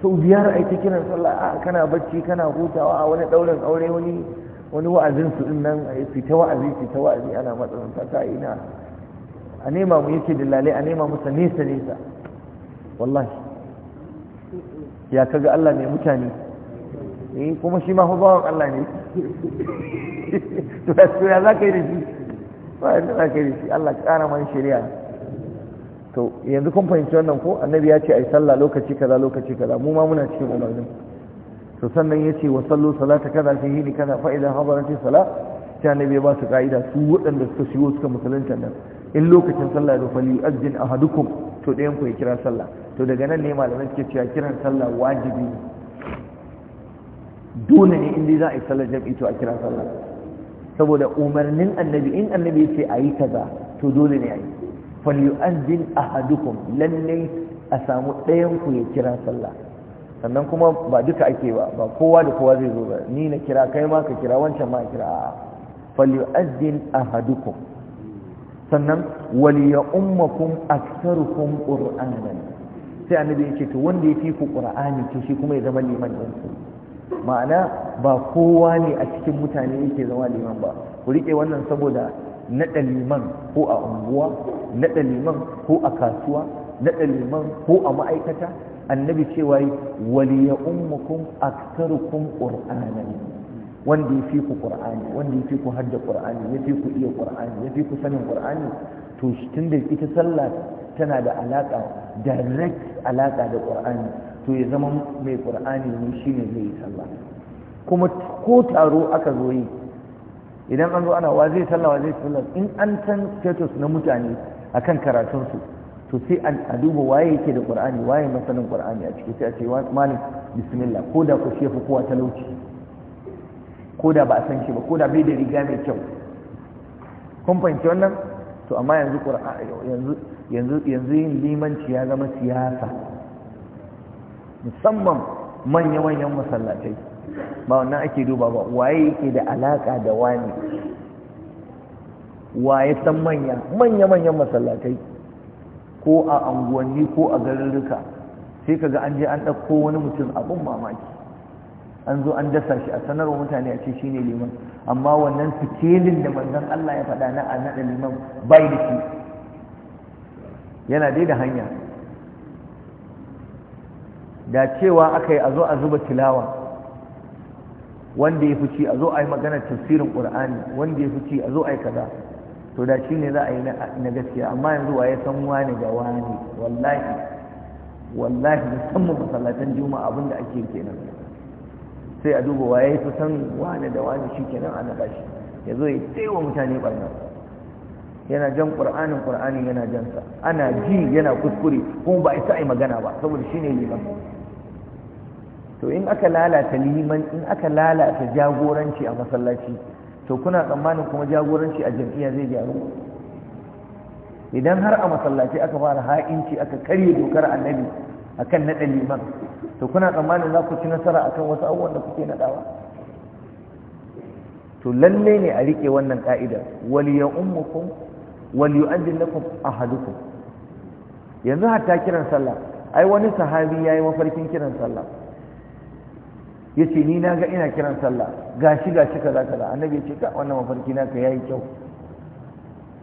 sau biyar ai ta kiran sallah a kana bacci kana hutawa a wani ɗaurin aure wani wani wa'azin su din nan su ta wa'azi fita wa'azi ana matsananta ta ina a nema mu yake da dillalai a nema musa nesa nesa wallahi ya kaga Allah mai mutane Eh, kuma shi ma bawan Allah ne to ya za ka yi da ba yadda za ka yi da shi Allah kara man shirya to yanzu kun fahimci wannan ko annabi ya ce ai sallah lokaci kaza lokaci kaza mu ma muna cikin umarnin to sannan ya ce wa sallu salata kaza fi hini kaza fa idan hadarati sala ta annabi ya ba su ka'ida su waɗanda suka shigo suka musulunta nan in lokacin sallah da fali azjin ahadukum to ɗayan ku ya kira sallah to daga nan ne malamai suke cewa kiran sallah wajibi ne dole ne inda za a yi sallar jam'i to a kira sallah saboda umarnin annabi in annabi sai a yi kaza to dole ne a yi falyu'azzin ahadukum lallai a samu ɗayan ku ya kira sallah sannan kuma ba duka ake ba ba kowa da kowa zai zo ba ni na kira kai ma ka kira wancan ma ka kira a falyu'azzin ahadukum sannan waliya ummakum aktsarukum qur'anan sai annabi yake to wanda ya fi ku qur'ani to shi kuma ya zama liman ɗansu. ma'ana ba kowa ne a cikin mutane yake zama liman ba ku riƙe wannan saboda naɗa liman ko a unguwa naɗa liman ko a kasuwa naɗa liman ko a ma'aikata annabi cewa yi waliya ummukum aktarukum qur'anan wanda ya fi ku qur'ani wanda ya fi ku hadda qur'ani ya fi ku iya qur'ani ya fi ku sanin qur'ani to da ita sallah tana da alaka direct alaka da qur'ani to ya zama mai qur'ani ne shine zai yi sallah kuma ko taro aka zo yi idan an zo ana wa zai sallah wa zai sallah in an san status na mutane akan karatun su to sai a duba waye yake da qur'ani waye masanin qur'ani a ciki sai a ce malam bismillah ko da ku shefu kowa talauci ko da ba a san shi ba ko da bai da riga mai kyau kun fahimci wannan to amma yanzu yanzu yanzu yin limanci ya zama siyasa musamman manya-manyan masallatai ba wannan ake duba ba waye yake da alaka da wani waye san manya manya-manyan masallatai ko a anguwanni ko a garuruka sai kaga an je an ɗauko wani mutum abin mamaki an zo an dasa shi a sanarwa mutane a ce shine ne liman amma wannan sikelin da manzon Allah ya faɗa na a naɗa liman bai da shi yana dai da hanya da cewa aka yi a zo a zuba tilawa wanda ya fici a zo a yi maganar tafsirin ƙur'ani wanda ya fici a zo a yi kaza to da shi ne za a yi na gaskiya amma yanzu waye san wani ga wani wallahi wallahi musamman masallatan juma'a abin da ake kenan sai a duba waye fi san wani da wani shi kenan a naɗa shi ya zo ya tsewa mutane barna yana jan ƙur'anin ƙur'ani yana jansa ana ji yana kuskure kuma ba a isa a yi magana ba saboda shi ne liman to in aka lalata liman in aka lalata jagoranci a masallaci to kuna tsammanin kuma jagoranci a jam'iyya zai gyaru idan har a masallaci aka fara ha'inci aka karye dokar annabi akan naɗa liman to kuna tsammanin za ku ci nasara akan wasu abubuwan da kuke naɗawa to lalle ne a rike wannan ka'idar waliya ummukum waliyu'addin lakum ahadukum yanzu hatta kiran sallah ai wani sahabi yayi mafarkin kiran sallah Ya ce ni na ga ina kiran sallah gashi gashi kaza kaza annabi ya ce ka wannan mafarki naka yi kyau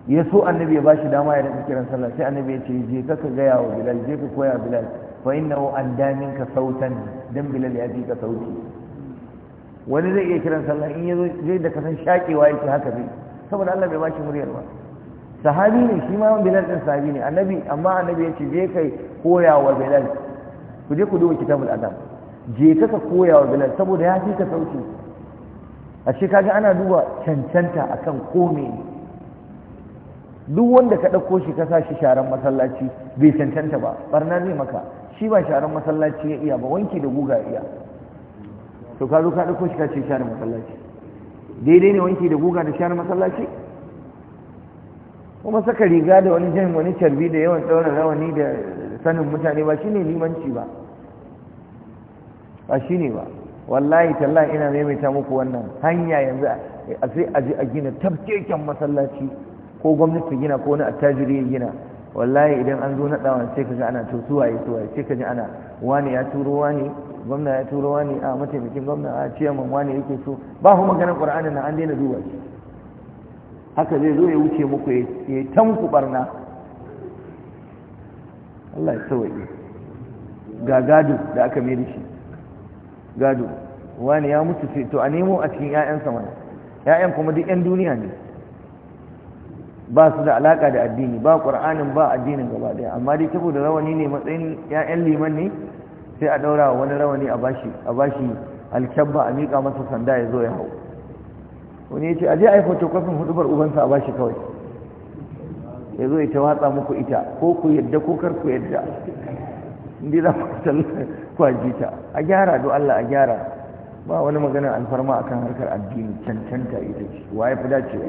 ya so annabi ya bashi dama ya rinka kiran sallah sai annabi ya ce je ka ka gaya wa bilal je ka koya bilal fa an damin ka sautan dan bilal ya fi ka sauti wani zai iya kiran sallah in yazo zai da kasan shakewa yake haka zai saboda Allah bai bashi muryar ba sahabi ne shi ma bilal din sahabi ne annabi amma annabi ya ce je kai koya wa bilal ku je ku duba kitabul adab je ka ka koya wa bilal saboda ya fi ka sauki a shi kaga ana duba cancanta akan kome duk wanda ka ɗauko shi ka sa shi sharan masallaci bai cancanta ba barna zai maka shi ba sharan masallaci ya iya ba wanki da guga iya to ka zo ka ɗauko shi ka ce sharan masallaci daidai ne wanki da guga da sharan masallaci kuma saka riga da wani jan wani carbi da yawan ɗaura rawani da sanin mutane ba shine limanci ba ba shi ne ba wallahi tallahi ina maimaita muku wannan hanya yanzu a sai a a gina tabkeken masallaci ko gwamnati gina ko wani attajiri ya gina wallahi idan an zo naɗawa sai kaga ana to suwaye suwaye sai kaji ana wani ya turo wani gwamna ya turo wani a mataimakin gwamna a ciyaman wani yake so ba kuma maganar qur'ani na an daina duba shi haka zai zo ya wuce muku ya tanku barna Allah ya tsawaye ga gado da aka mai da shi gado wani ya mutu sai to a nemo a cikin 'ya'yansa mana 'ya'yan kuma duk 'yan duniya ne ba su da alaka da addini ba ƙur'anin ba addinin gaba daya amma dai saboda rawani ne matsayin 'ya'yan liman ne sai a ɗaura wani rawani a bashi a bashi alkyabba a miƙa masa sanda ya zo ya hau wani ya ce je a yi fotokofin huɗubar ubansa a bashi kawai ya zo ya ta watsa muku ita ko ku yadda ko kar ku yadda inda za ku kwajita a gyara do Allah a gyara ba wani maganar alfarma akan harkar addini cancanta ita ce wa waye fi dacewa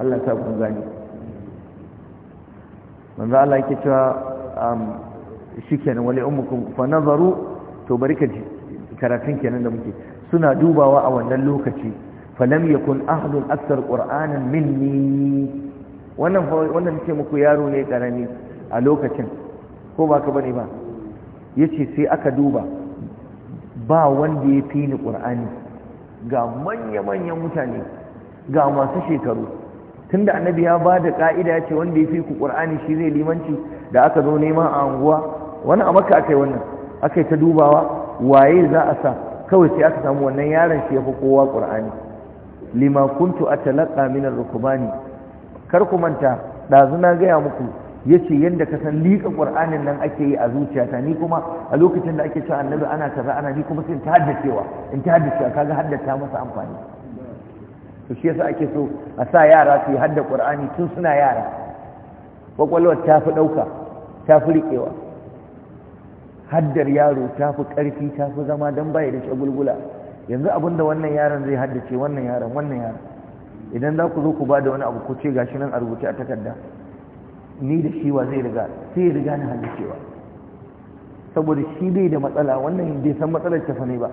Allah ta kun gani manzo Allah yake cewa um, shikenan wali ummukum fa nazaru to bari ka karatun kenan da muke suna dubawa a wannan lokaci falam yakun ahadun akthar qur'anan minni wannan wannan nake muku yaro ne karami a lokacin ko ba ka bane ba Ya ce sai aka duba ba wanda ya fi ni qur'ani ga manya-manyan mutane ga masu shekaru tunda annabi ya ba da ka'ida yace wanda ya fi ku ƙur'ani shi zai limanci da aka zo neman a anguwa wani a maka akai wannan akai ta dubawa waye za a sa kawai sai aka samu wannan yaron shi ya fi kowa ƙur'ani? Limakuntu kuntu atalaqa min ar-rukbani kar ku manta dazu na gaya muku yace ce yadda ka san liƙa ƙur'anin nan ake yi a zuciyata ni kuma a lokacin da ake cewa annabi ana kaza ana ni kuma sai ta haddacewa in ta haddacewa kaga haddata masa amfani to shi yasa ake so a sa yara su yi hadda ƙur'ani tun suna yara kwakwalwar ta fi ɗauka ta fi riƙewa haddar yaro ta fi ƙarfi ta fi zama don baya da shagulgula yanzu abin da wannan yaron zai haddace wannan yaron wannan yaron idan za ku zo ku ba da wani abu ku ce gashi nan a rubuce a takarda ni da shi wa zai riga sai riga na halicewa saboda shi bai da matsala wannan bai san matsalar tafa ne ba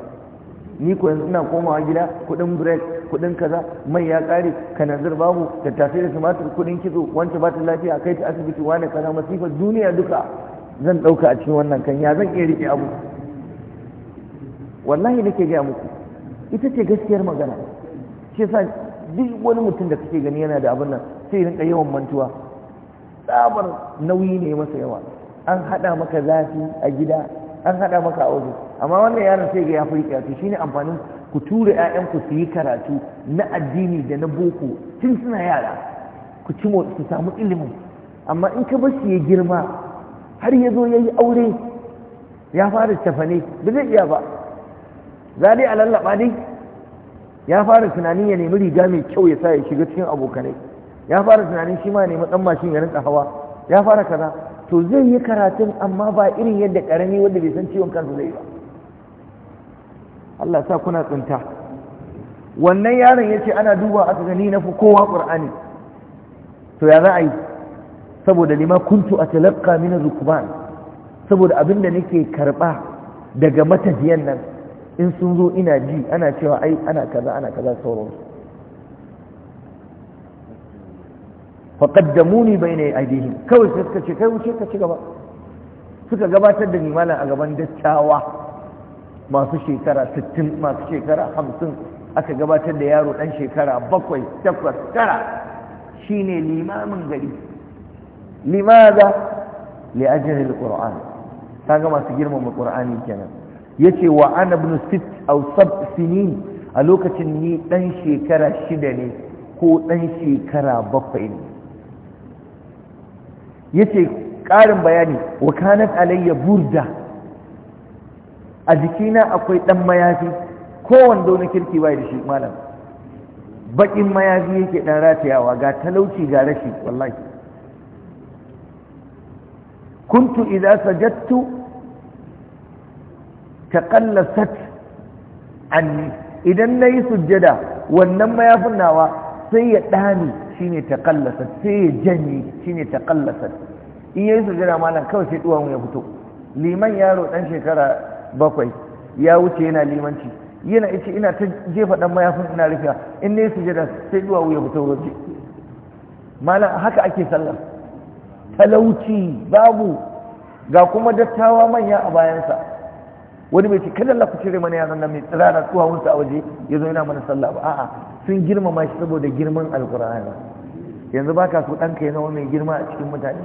ni ko yanzu ina komawa gida kudin break kudin kaza mai ya kare kananzir babu tattafe da tumatir kudin kitso wancan bata lafiya kai ta asibiti wane kaza masifar duniya duka zan dauka a cikin wannan kan ya zan iya rike abu wallahi nake gaya muku ita ce gaskiyar magana shi yasa duk wani mutum da kake gani yana da abin nan sai rinka yawan mantuwa tsabar nauyi ne masa yawa an haɗa maka zafi a gida an haɗa maka a amma wannan yaron sai ga ya fi karatu shine amfanin ku tura ƴaƴanku su yi karatu na addini da na boko tun suna yara ku ci su samu ilimin amma in ka bar shi ya girma har ya zo ya yi aure ya fara tafane ba zai iya ba za dai a lallaɓa dai ya fara tunanin ya nemi riga mai kyau ya sa ya shiga cikin abokanai ya fara tunanin shi ma nemi dan mashin ya rinka hawa ya fara kaza to zai yi karatun amma ba irin yadda karami wanda bai san ciwon kansa zai ba Allah sa kuna tsinta wannan yaron ya ce ana duba aka gani na fi kowa ƙur'ani to ya za a yi saboda lima kuntu a talaka mina zukuban saboda abin da nake karɓa daga matafiyan nan in sun zo ina ji ana cewa ai ana kaza ana kaza sauransu faqaddamuni bayna aydihim kawai sai suka ce kai wuce ka ci gaba suka gabatar da ni a gaban dattawa masu shekara 60 masu shekara 50 aka gabatar da yaro dan shekara 7 8 9 shine limamin gari limaza li ajli alquran kaga masu girmama qur'ani kenan yace wa ana ibn sit au sab sinin a lokacin ni dan shekara 6 ne ko dan shekara 7 ne yace ƙarin bayani wa kanat alayya burda a jikina akwai dan mayafi wanda na kirki bai da shi malam bakin mayafi yake ɗan ratayawa ga talauci ga rashi wallahi kuntu idza sajadtu taqallasat anni idan nayi sujjada wannan mayafin nawa sai ya ɗani shine kallasa sai ya janye shine kallasa in su jira malam kawai sai duwan ya fito liman yaro dan shekara bakwai ya wuce yana limanci yana ice ina ta jefa dan mayafin ina rufiya in ne jira sai duwan ya fito waje malam haka ake sallar talauci babu ga kuma dattawa manya a bayansa wani bai ce kada Allah ku cire mana yaran nan mai tsirara tuwa wunsa a waje ya zo yana mana sallah ba a'a sun girmama shi saboda girman alkur'ani yanzu ba ka so ɗanka ya zama mai girma a cikin mutane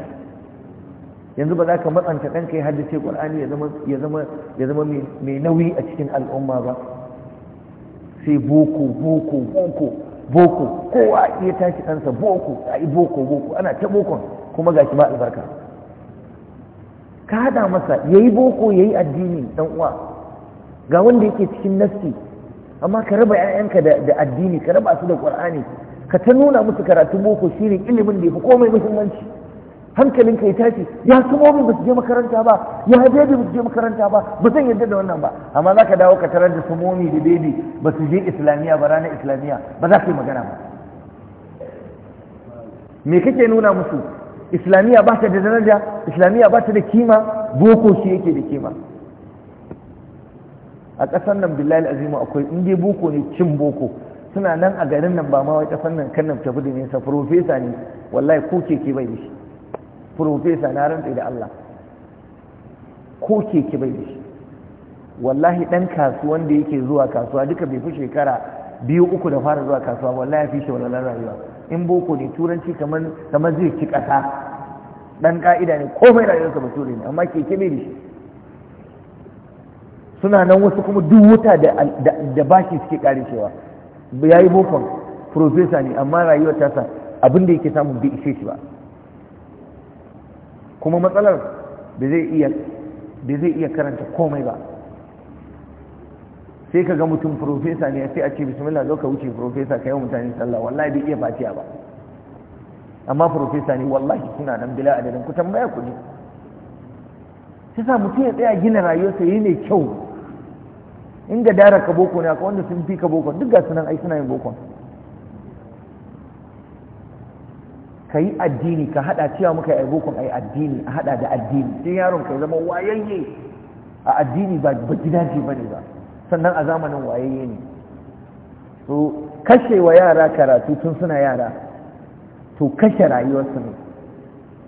yanzu ba za ka matsanta ɗanka ya haddace ƙwar'ani ya zama mai nauyi a cikin al'umma ba sai boko boko boko boko kowa ya tashi ɗansa boko a yi boko boko ana ta bokon kuma ga shi ma albarka ka hada masa yi boko ya yi addini dan uwa ga wanda yake cikin nafsi amma ka raba 'ya'yanka da addini ka raba su da qur'ani ka ta nuna musu karatun boko shi ne ilimin da ya fi komai muhimmanci ka ya tashi ya kuma ba su je makaranta ba ya bebi ba su je makaranta ba ba zan yarda da wannan ba amma za ka dawo ka tarar da su momi da bebi ba su je islamiyya ba ranar islamiyya ba za ka yi magana ba me kake nuna musu islamiyya ba ta da daraja islamiyya ba ta da kima boko shi yake da kima a ƙasar nan billahi azimu akwai in dai boko ne cin boko suna nan a garin nan ba ma wai ƙasar nan kan nan tafi da nesa profesa ne wallahi ko keke bai da shi profesa na rantsa da Allah ko keke bai da shi wallahi dan kasuwan da yake zuwa kasuwa duka bai fi shekara biyu uku da fara zuwa kasuwa wallahi fi shi wallahi rayuwa in boko ne turanci kamar kamar zai ci ƙasa dan ka'ida ne komai rayuwarsa ba ture ne amma keke kime da shi suna nan wasu kuma duk wuta da bashi suke ƙare cewa ya yi bokon profesa ne amma rayuwar tasa abinda da yake samun bai ishe shi ba kuma matsalar da zai iya karanta komai ba sai ka ga mutum profesa ne sai a ce bismillah zo ka wuce profesa ka yi mutane sallah wallahi bai iya fatiya ba amma profesa ne wallahi suna nan bila adadin ku tambaya ku ne sai sa mutum ya tsaya gina rayuwarsa yi mai kyau in ga dara ka boko ne akwai wanda sun fi ka boko duk ga sunan ai suna yin bokon ka yi addini ka hada cewa muka yi bokon ai addini a hada da addini sai yaron ka zama wayayye a addini ba gidaje ba ne ba sannan a zamanin wayayye ne to kashe wa yara karatu tun suna yara to kashe rayuwarsu ne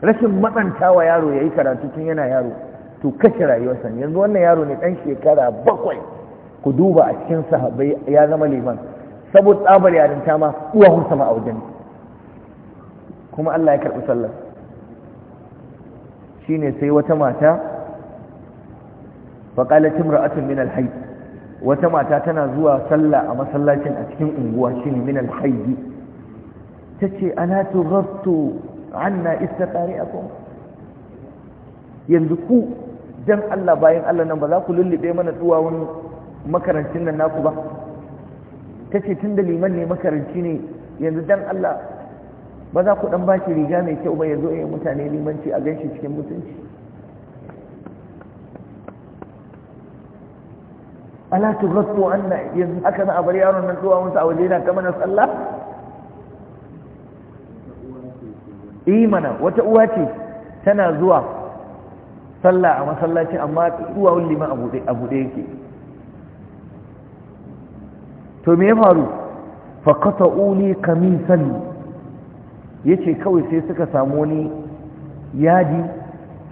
rashin matsanta wa yaro ya yi karatu tun yana yaro to kashe rayuwarsa ne yanzu wannan yaro ne ɗan shekara bakwai ku duba a cikin sahabbai ya zama liman saboda tsabar yarinta ma uwa hunsa ma a wajen kuma Allah ya karɓi sallar shine sai wata mata faƙalatin ra'atun min alhaid wata mata tana zuwa sallah a masallacin a cikin unguwa shine min alhayyi tace ana tughattu anna istaqari'akum yanzu ku dan Allah bayan Allah nan ba za ku lullube mana duwawun makarancin nan naku ba tace tunda liman ne makaranci ne yanzu dan Allah ba za ku dan bashi riga mai kyau ba yazo ya mutane limanci a ganshi cikin mutunci ala tughassu anna yanzu haka na abar yaron nan zuwa musu a waje yana kama na sallah imana wata uwa ce tana zuwa sallah a masallaci amma uwa liman a buɗe yake to me ya faru fa qata'u kamisan yace kawai sai suka samu wani yadi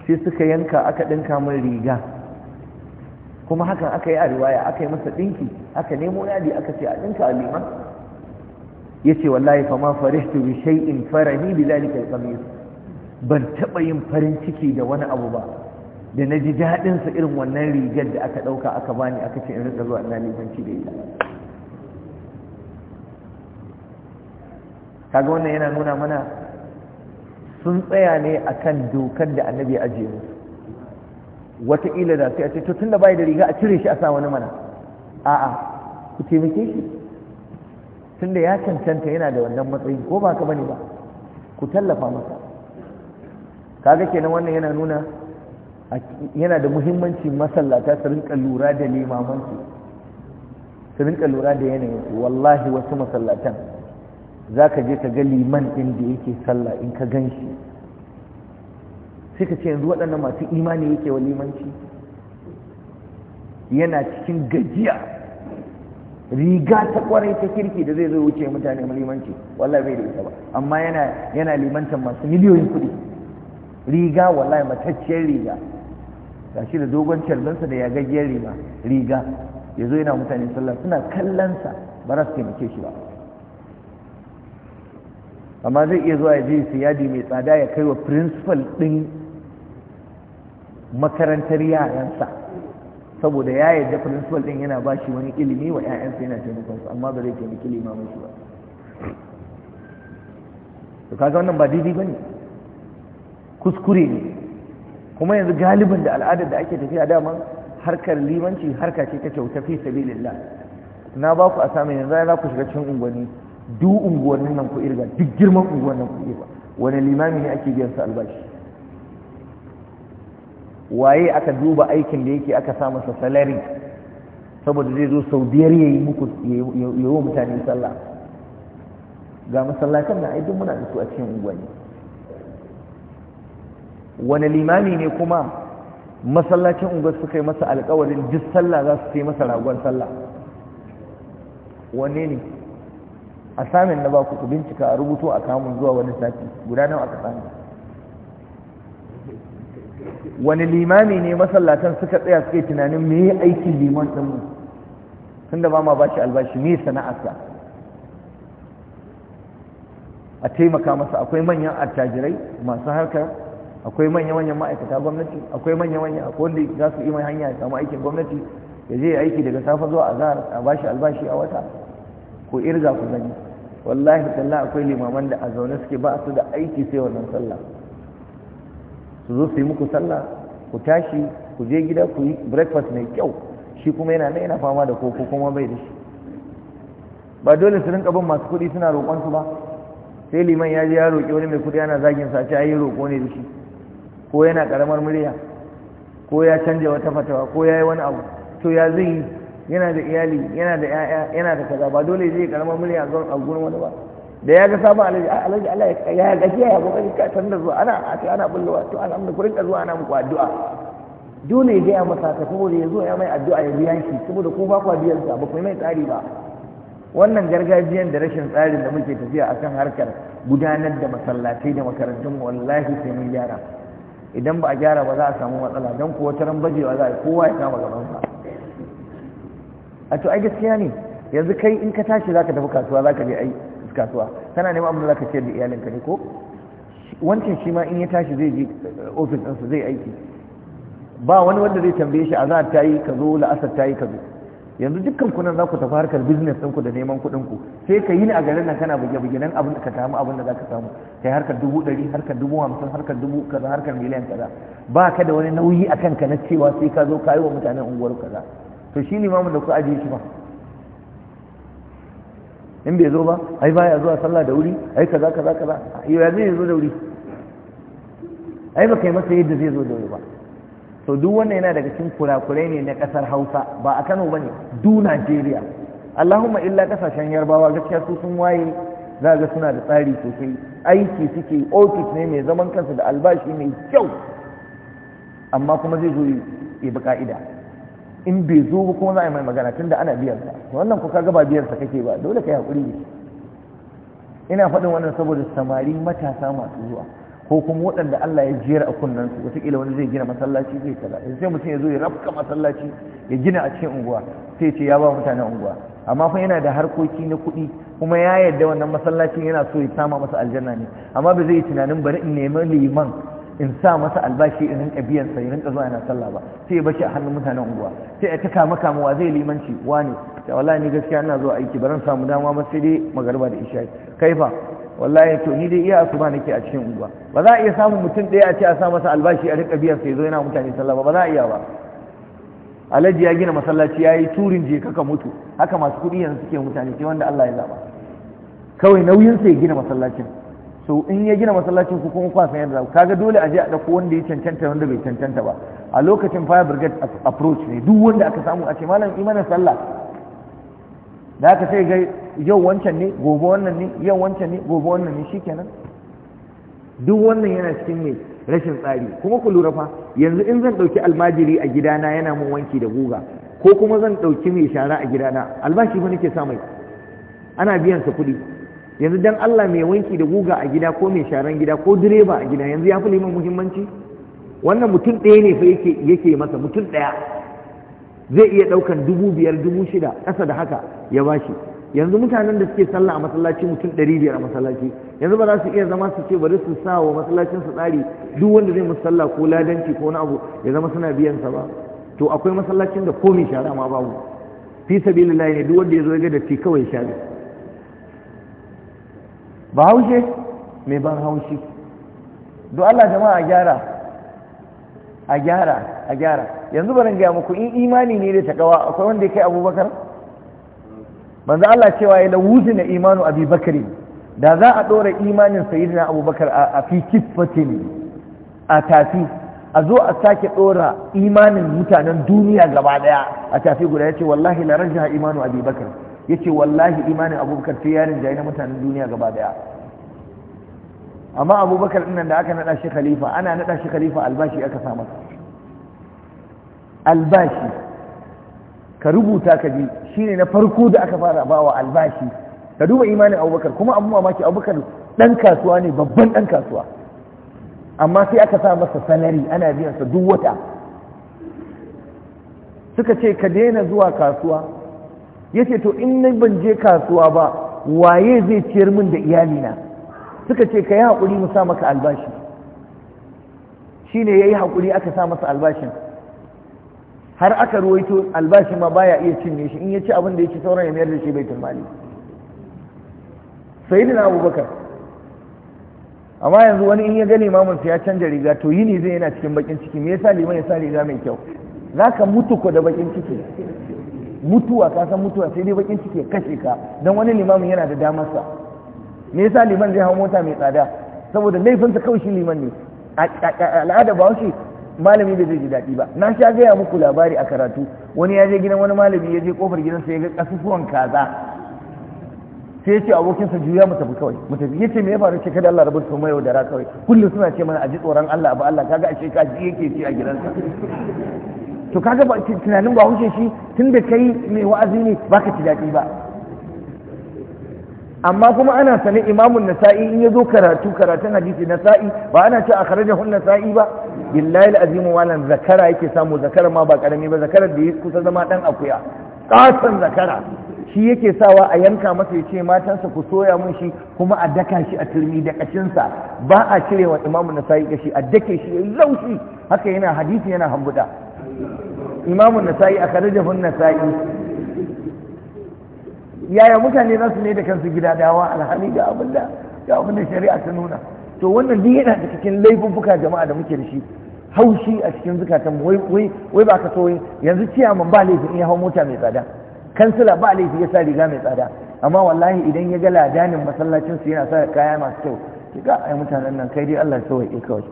sai suka yanka aka ɗinka min riga kuma hakan aka yi a riwaya aka yi masa ɗinki aka nemo yadi aka ce a ɗinka a liman ya ce wallahi fa ma farihtu bi shay'in farani bi zalika al-qamis ban taɓa yin farin ciki da wani abu ba da na ji sa irin wannan rigar da aka ɗauka aka bani aka ce in rika zuwa ina limanci da ita kaga wannan yana nuna mana sun tsaya ne akan dokar da annabi ya ajiye musu wataƙila da sai a ce to tun da bai da riga a cire shi a sa wani mana a'a ku taimake shi tun da ya cancanta yana da wannan matsayi ko ba ka bane ba ku tallafa masa kaga kenan wannan yana nuna yana da muhimmanci masallata su rinka lura da limamansu su rinka lura da yanayin su wallahi wasu masallatan za ka je ka ga liman ɗin da yake sallah in ka gan shi sai ka ce yanzu waɗannan masu imani yake wa limanci yana cikin gajiya riga ta kwarai ta kirki da zai zo wuce mutane limanci wallahi bai da ita ba amma yana yana masu miliyoyin kuɗi riga wallahi matacciyar riga shi da dogon carbansa da ya gajiyar riga riga ya zo yana mutane sallah suna kallonsa ba za su taimake shi ba amma zai iya zuwa ya je su yadi mai tsada ya kai wa principal ɗin makarantar yayansa saboda ya yadda principal din yana ba shi wani ilimi wa yayansa yana taimakon su amma ba zai taimaki limamin shi ba to kaga wannan ba daidai bane kuskure ne kuma yanzu galibin da al'adar da ake tafiya dama harkar limanci harka ce ta kyauta fi sabilillah na ba ku a samun yanzu za ku shiga cikin unguwanni duk unguwannin nan ku irga duk girman unguwannin ku irga wani limami ne ake biyan su albashi waye aka duba aikin da yake aka samu sa salari saboda zai zo sau biyar ya yi muku ya wa mutane sallah ga masallacin na aidin muna da su a cikin unguwanni wani limami ne kuma masallacin unguwar suka yi masa alkawarin duk sallah za su kai masa ragon sallah wanne ne a samin na ba ku bincika a rubuto a kamun zuwa wani sati guda nawa aka samu wani limami ne masallatan suka tsaya suke tunanin me yi aikin liman mu tun da ba ma ba shi albashi me sana'arsa a taimaka masa akwai manyan attajirai masu harka akwai manya-manyan ma'aikata gwamnati akwai manya manya akwai wanda za su yi mai hanya ya samu aikin gwamnati ya je aiki daga safe zuwa zahar a bashi albashi a wata ko irga ku gani wallahi tallah akwai limaman da a zaune suke ba su da aiki sai wannan sallah su zo su yi muku sallah ku tashi ku je gida ku yi breakfast mai kyau shi kuma yana nan yana fama da koko kuma bai da shi ba dole su rinka bin masu kuɗi suna roƙon su ba sai liman ya je ya roƙi wani mai kuɗi yana zagin sa ce ayi roƙo ne da shi ko yana ƙaramar murya ko ya canja wata fatawa ko ya yi wani abu to ya zai yana da iyali yana da 'ya'ya yana da kaza ba dole zai ƙaramar murya a gurin wani ba da ya ga sabon alaji alaji Allah ya gajiya ya kokari ka san da zuwa ana a ce ana bullowa to alhamdulillah ku rinka zuwa ana muku addu'a dole ya gaya masa ka saboda ya zo ya mai addu'a ya biya shi saboda ko ba kwa biyan sa ba ku mai tsari ba wannan gargajiyan da rashin tsarin da muke tafiya akan harkar gudanar da masallatai da makarantun wallahi sai mun gyara idan ba a gyara ba za a samu matsala don kuwa taron bajewa za a kowa ya kama gabansa a to ai gaskiya ne yanzu kai in ka tashi za ka tafi kasuwa za ka je ai kasuwa kana neman abin da zaka ciyar da iyalinka ne ko wancan shi ma in ya tashi zai je eh, ofis su zai aiki ba wani wanda zai tambaye shi za ta yi ka zo la'asar ta yi ka zo yanzu dukkan ku nan za ku tafi harkar business ɗinku da neman kuɗin ku sai ka yi ni a garin nan kana buge buge nan abin ka samu abin da zaka samu kai harkar dubu ɗari harkar dubu hamsin harkar dubu kaza harkar miliyan kaza ba ka da wani nauyi a kanka na cewa sai ka zo ka yi wa mutanen unguwar kaza to shi limamin da ku ajiye shi ba in bai zo ba ai baya zuwa sallah da wuri ai kaza kaza kaza ya zai zo da wuri ai ba kai masa yadda zai zo da wuri ba to duk wannan yana daga cikin kurakurai ne na kasar Hausa ba a Kano bane du Najeriya Allahumma illa kasashen Yarbawa gaskiya su sun waye za ga suna da tsari sosai aiki suke ofis ne mai zaman kansa da albashi mai kyau amma kuma zai zo ya bi ka'ida in bai zo ba kuma za a yi mai magana da ana biyan sa wannan ku kaga ba biyan sa kake ba dole kai hakuri ne ina faɗin wannan saboda samari matasa masu zuwa ko kuma waɗanda Allah ya jiyar a kunnen su wataƙila wani zai gina masallaci zai kaza yanzu sai mutum ya zo ya rafka masallaci ya gina a cikin unguwa sai ce ya ba mutane unguwa amma fa yana da harkoki na kuɗi kuma ya yarda wannan masallacin yana so ya sama masa aljanna ne amma ba zai yi tunanin bari in nemi liman in sa masa albashi in rinka biyan sa in rinka zuwa yana sallah ba sai ya bashi a hannun mutanen unguwa sai ya taka maka wa zai limanci wani ta wallahi ni gaskiya ina zuwa aiki baran samu dama ba sai dai magariba da isha kaifa wallahi to ni dai iya asuba nake a cikin unguwa ba za a iya samun mutum ɗaya a ce a sa masa albashi a rinka biyan sa ya zo yana mutane sallah ba ba za a iya ba alhaji ya gina masallaci ya yi turin je kaka mutu haka masu kuɗi yanzu suke mutane sai wanda Allah ya zaba kawai nauyin sa ya gina masallacin so in ya gina masallacin ku kuma kwasan yadda ku kaga dole a je a dauko wanda ya cancanta wanda bai cancanta ba a lokacin fire brigade approach ne duk wanda aka samu a ce malam imanin sallah da aka sai ga yau wancan ne gobe wannan ne yau wancan ne gobe wannan ne shikenan duk wannan yana cikin ne rashin tsari kuma ku lura fa yanzu in zan dauki almajiri a gidana yana mun wanki da guga ko kuma zan dauki mai shara a gidana albashi ba nake sa mai ana biyan sa kuɗi yanzu dan Allah mai wanki da guga a gida ko mai sharan gida ko direba a gida yanzu ya fi liman muhimmanci wannan mutum ɗaya ne fa yake yake masa mutum ɗaya zai iya ɗaukan dubu biyar dubu shida ƙasa da haka ya bashi yanzu mutanen da suke sallah a masallaci mutum ɗari biyar a masallaci yanzu ba za su iya zama su ce bari su sa wa masallacin su tsari duk wanda zai musu sallah ko ladanci ko wani abu ya zama suna biyan sa ba to akwai masallacin da komai shara ma babu fi sabilillahi ne duk wanda ya zo ya ga datti kawai shari'a ba haushe mai ban haushi don Allah jama'a a gyara a gyara a gyara yanzu bari gaya muku in imani ne da takawa akwai wanda ya kai abubakar manzo Allah cewa ya lawuzi na imanu abubakar? da za a ɗora imanin sayyidina abubakar a fi kifatin a tafi a zo a sake ɗora imanin mutanen duniya gaba daya a tafi guda ya ce wallahi la rajaha imanu abubakar. yace wallahi imanin abubakar sai yarin jayi na mutanen duniya gaba daya amma abubakar dinnan da aka nada shi khalifa ana nada shi khalifa albashi aka sa masa albashi ka rubuta ka ji shine na farko da aka fara bawa albashi ka duba imanin abubakar kuma abu abubakar dan kasuwa ne babban dan kasuwa amma sai aka sa masa salari ana biyansa duk wata suka ce ka daina zuwa kasuwa ya ce to in na ban je kasuwa ba waye zai ciyar min da iyalina suka ce ka yi haƙuri mu sa maka albashi shine yi haƙuri aka sa masa albashin har aka ruwaito albashi ma baya iya cinye shi in ya ci abin da ya ci sauran ya mayar da shi sai ni na abubakar amma yanzu wani in ya gani limamin ya canja riga to yini zai yana cikin bakin ciki me ya yasa liman ya sa riga mai kyau zaka mutu ko da bakin ciki mutuwa ka san mutuwa sai dai bakin ciki ya kashe ka dan wani limamin yana da damar sa me yasa liman zai hau mota mai tsada saboda laifinsa kawai shi liman ne al'ada ba shi malami bai zai ji daɗi ba na sha gaya muku labari a karatu wani ya je gidan wani malami ya je kofar gidan sa ya ga kasusuwan kaza sai ya ce abokin sa juya mu tafi kawai mu tafi yace me ya faru ce kada Allah rabu su mai yaudara kawai kullum suna ce mana a ji tsoron Allah ba Allah kaga ashe ka ji yake ci a gidan sa to kaga ba tunanin ba wuce shi tun da kai mai wa'azi ne baka ci daɗi ba amma kuma ana sane imamun nasa'i in ya zo karatu karatun hadisi nasa'i ba ana ce a hun nasa'i ba billahi alazim walan zakara yake samu zakara ma ba karami ba zakarar da ya kusa zama dan akuya kasan zakara shi yake sawa a yanka masa ya ce matansa ku soya mun shi kuma a daka shi a turmi da kashinsa ba a cire wa nasa'i kashi a dake shi ya laushi haka yana hadisi yana hambuda imamun nasa'i a karajahun nasa'i yaya mutane za su ne da kansu gida dawa alhali ga abin da ga abin da shari'a ta nuna to wannan duk yana da cikin laifuffuka jama'a da muke da shi haushi a cikin zukatan wai wai ba ka so yanzu man ba laifin iya hau mota mai tsada kansila ba laifin ya sa riga mai tsada amma wallahi idan ya ga ladanin masallacin su yana sa kaya masu kyau ki ga ai mutanen nan kai dai Allah ya kawai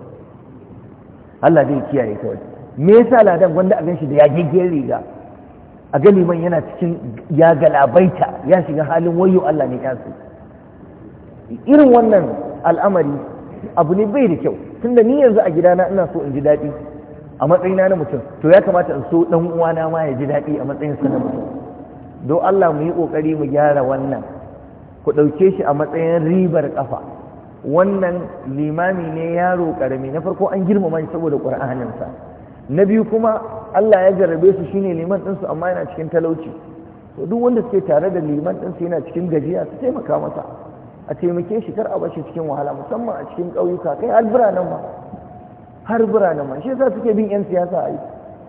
Allah zai kiyaye kawai me yasa ladan wanda a ganshi da ya yageggen riga a gani liman yana cikin ya galabaita ya shiga halin wayo Allah ne kansu irin wannan al'amari abu ne bai da kyau tunda ni yanzu a gidana ina so in ji daɗi a matsayina na mutum to ya kamata in so ɗan uwana ma ya ji daɗi a matsayin sa na mutum don Allah mu yi ƙoƙari mu gyara wannan ku ɗauke shi a matsayin ribar ƙafa wannan limami ne yaro ƙarami na farko an girmama shi saboda ƙur'aninsa na biyu kuma Allah ya jarrabe su shine liman ɗinsu amma yana cikin talauci to duk wanda suke tare da liman ɗinsu yana cikin gajiya su taimaka masa a taimake shi kar a bashi cikin wahala musamman a cikin ƙauyuka kai har biranen ma har biranen ma shi yasa suke bin 'yan siyasa a yi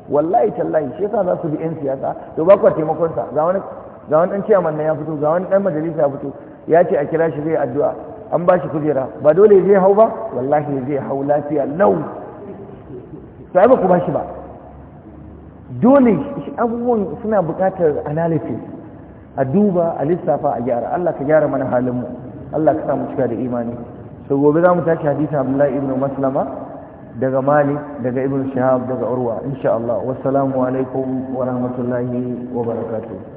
wallahi tallahi shi yasa za su bi 'yan siyasa to ba ku taimakon sa ga wani ga wani dan ciyaman nan ya fito ga wani dan majalisa ya fito ya ce a kira shi zai addu'a an ba shi kujera ba dole ya zai hau ba wallahi ya zai hau lafiya lau to ai ba ku bashi ba dole abubuwan suna bukatar analysis a duba a lissafa a gyara Allah ka gyara mana halin mu Allah ka sa mu cika da imani so gobe za mu tashi hadisin Abdullahi ibn Maslama daga Malik daga Ibn Shahab daga Urwa insha Allah wassalamu alaikum wa rahmatullahi wa barakatuh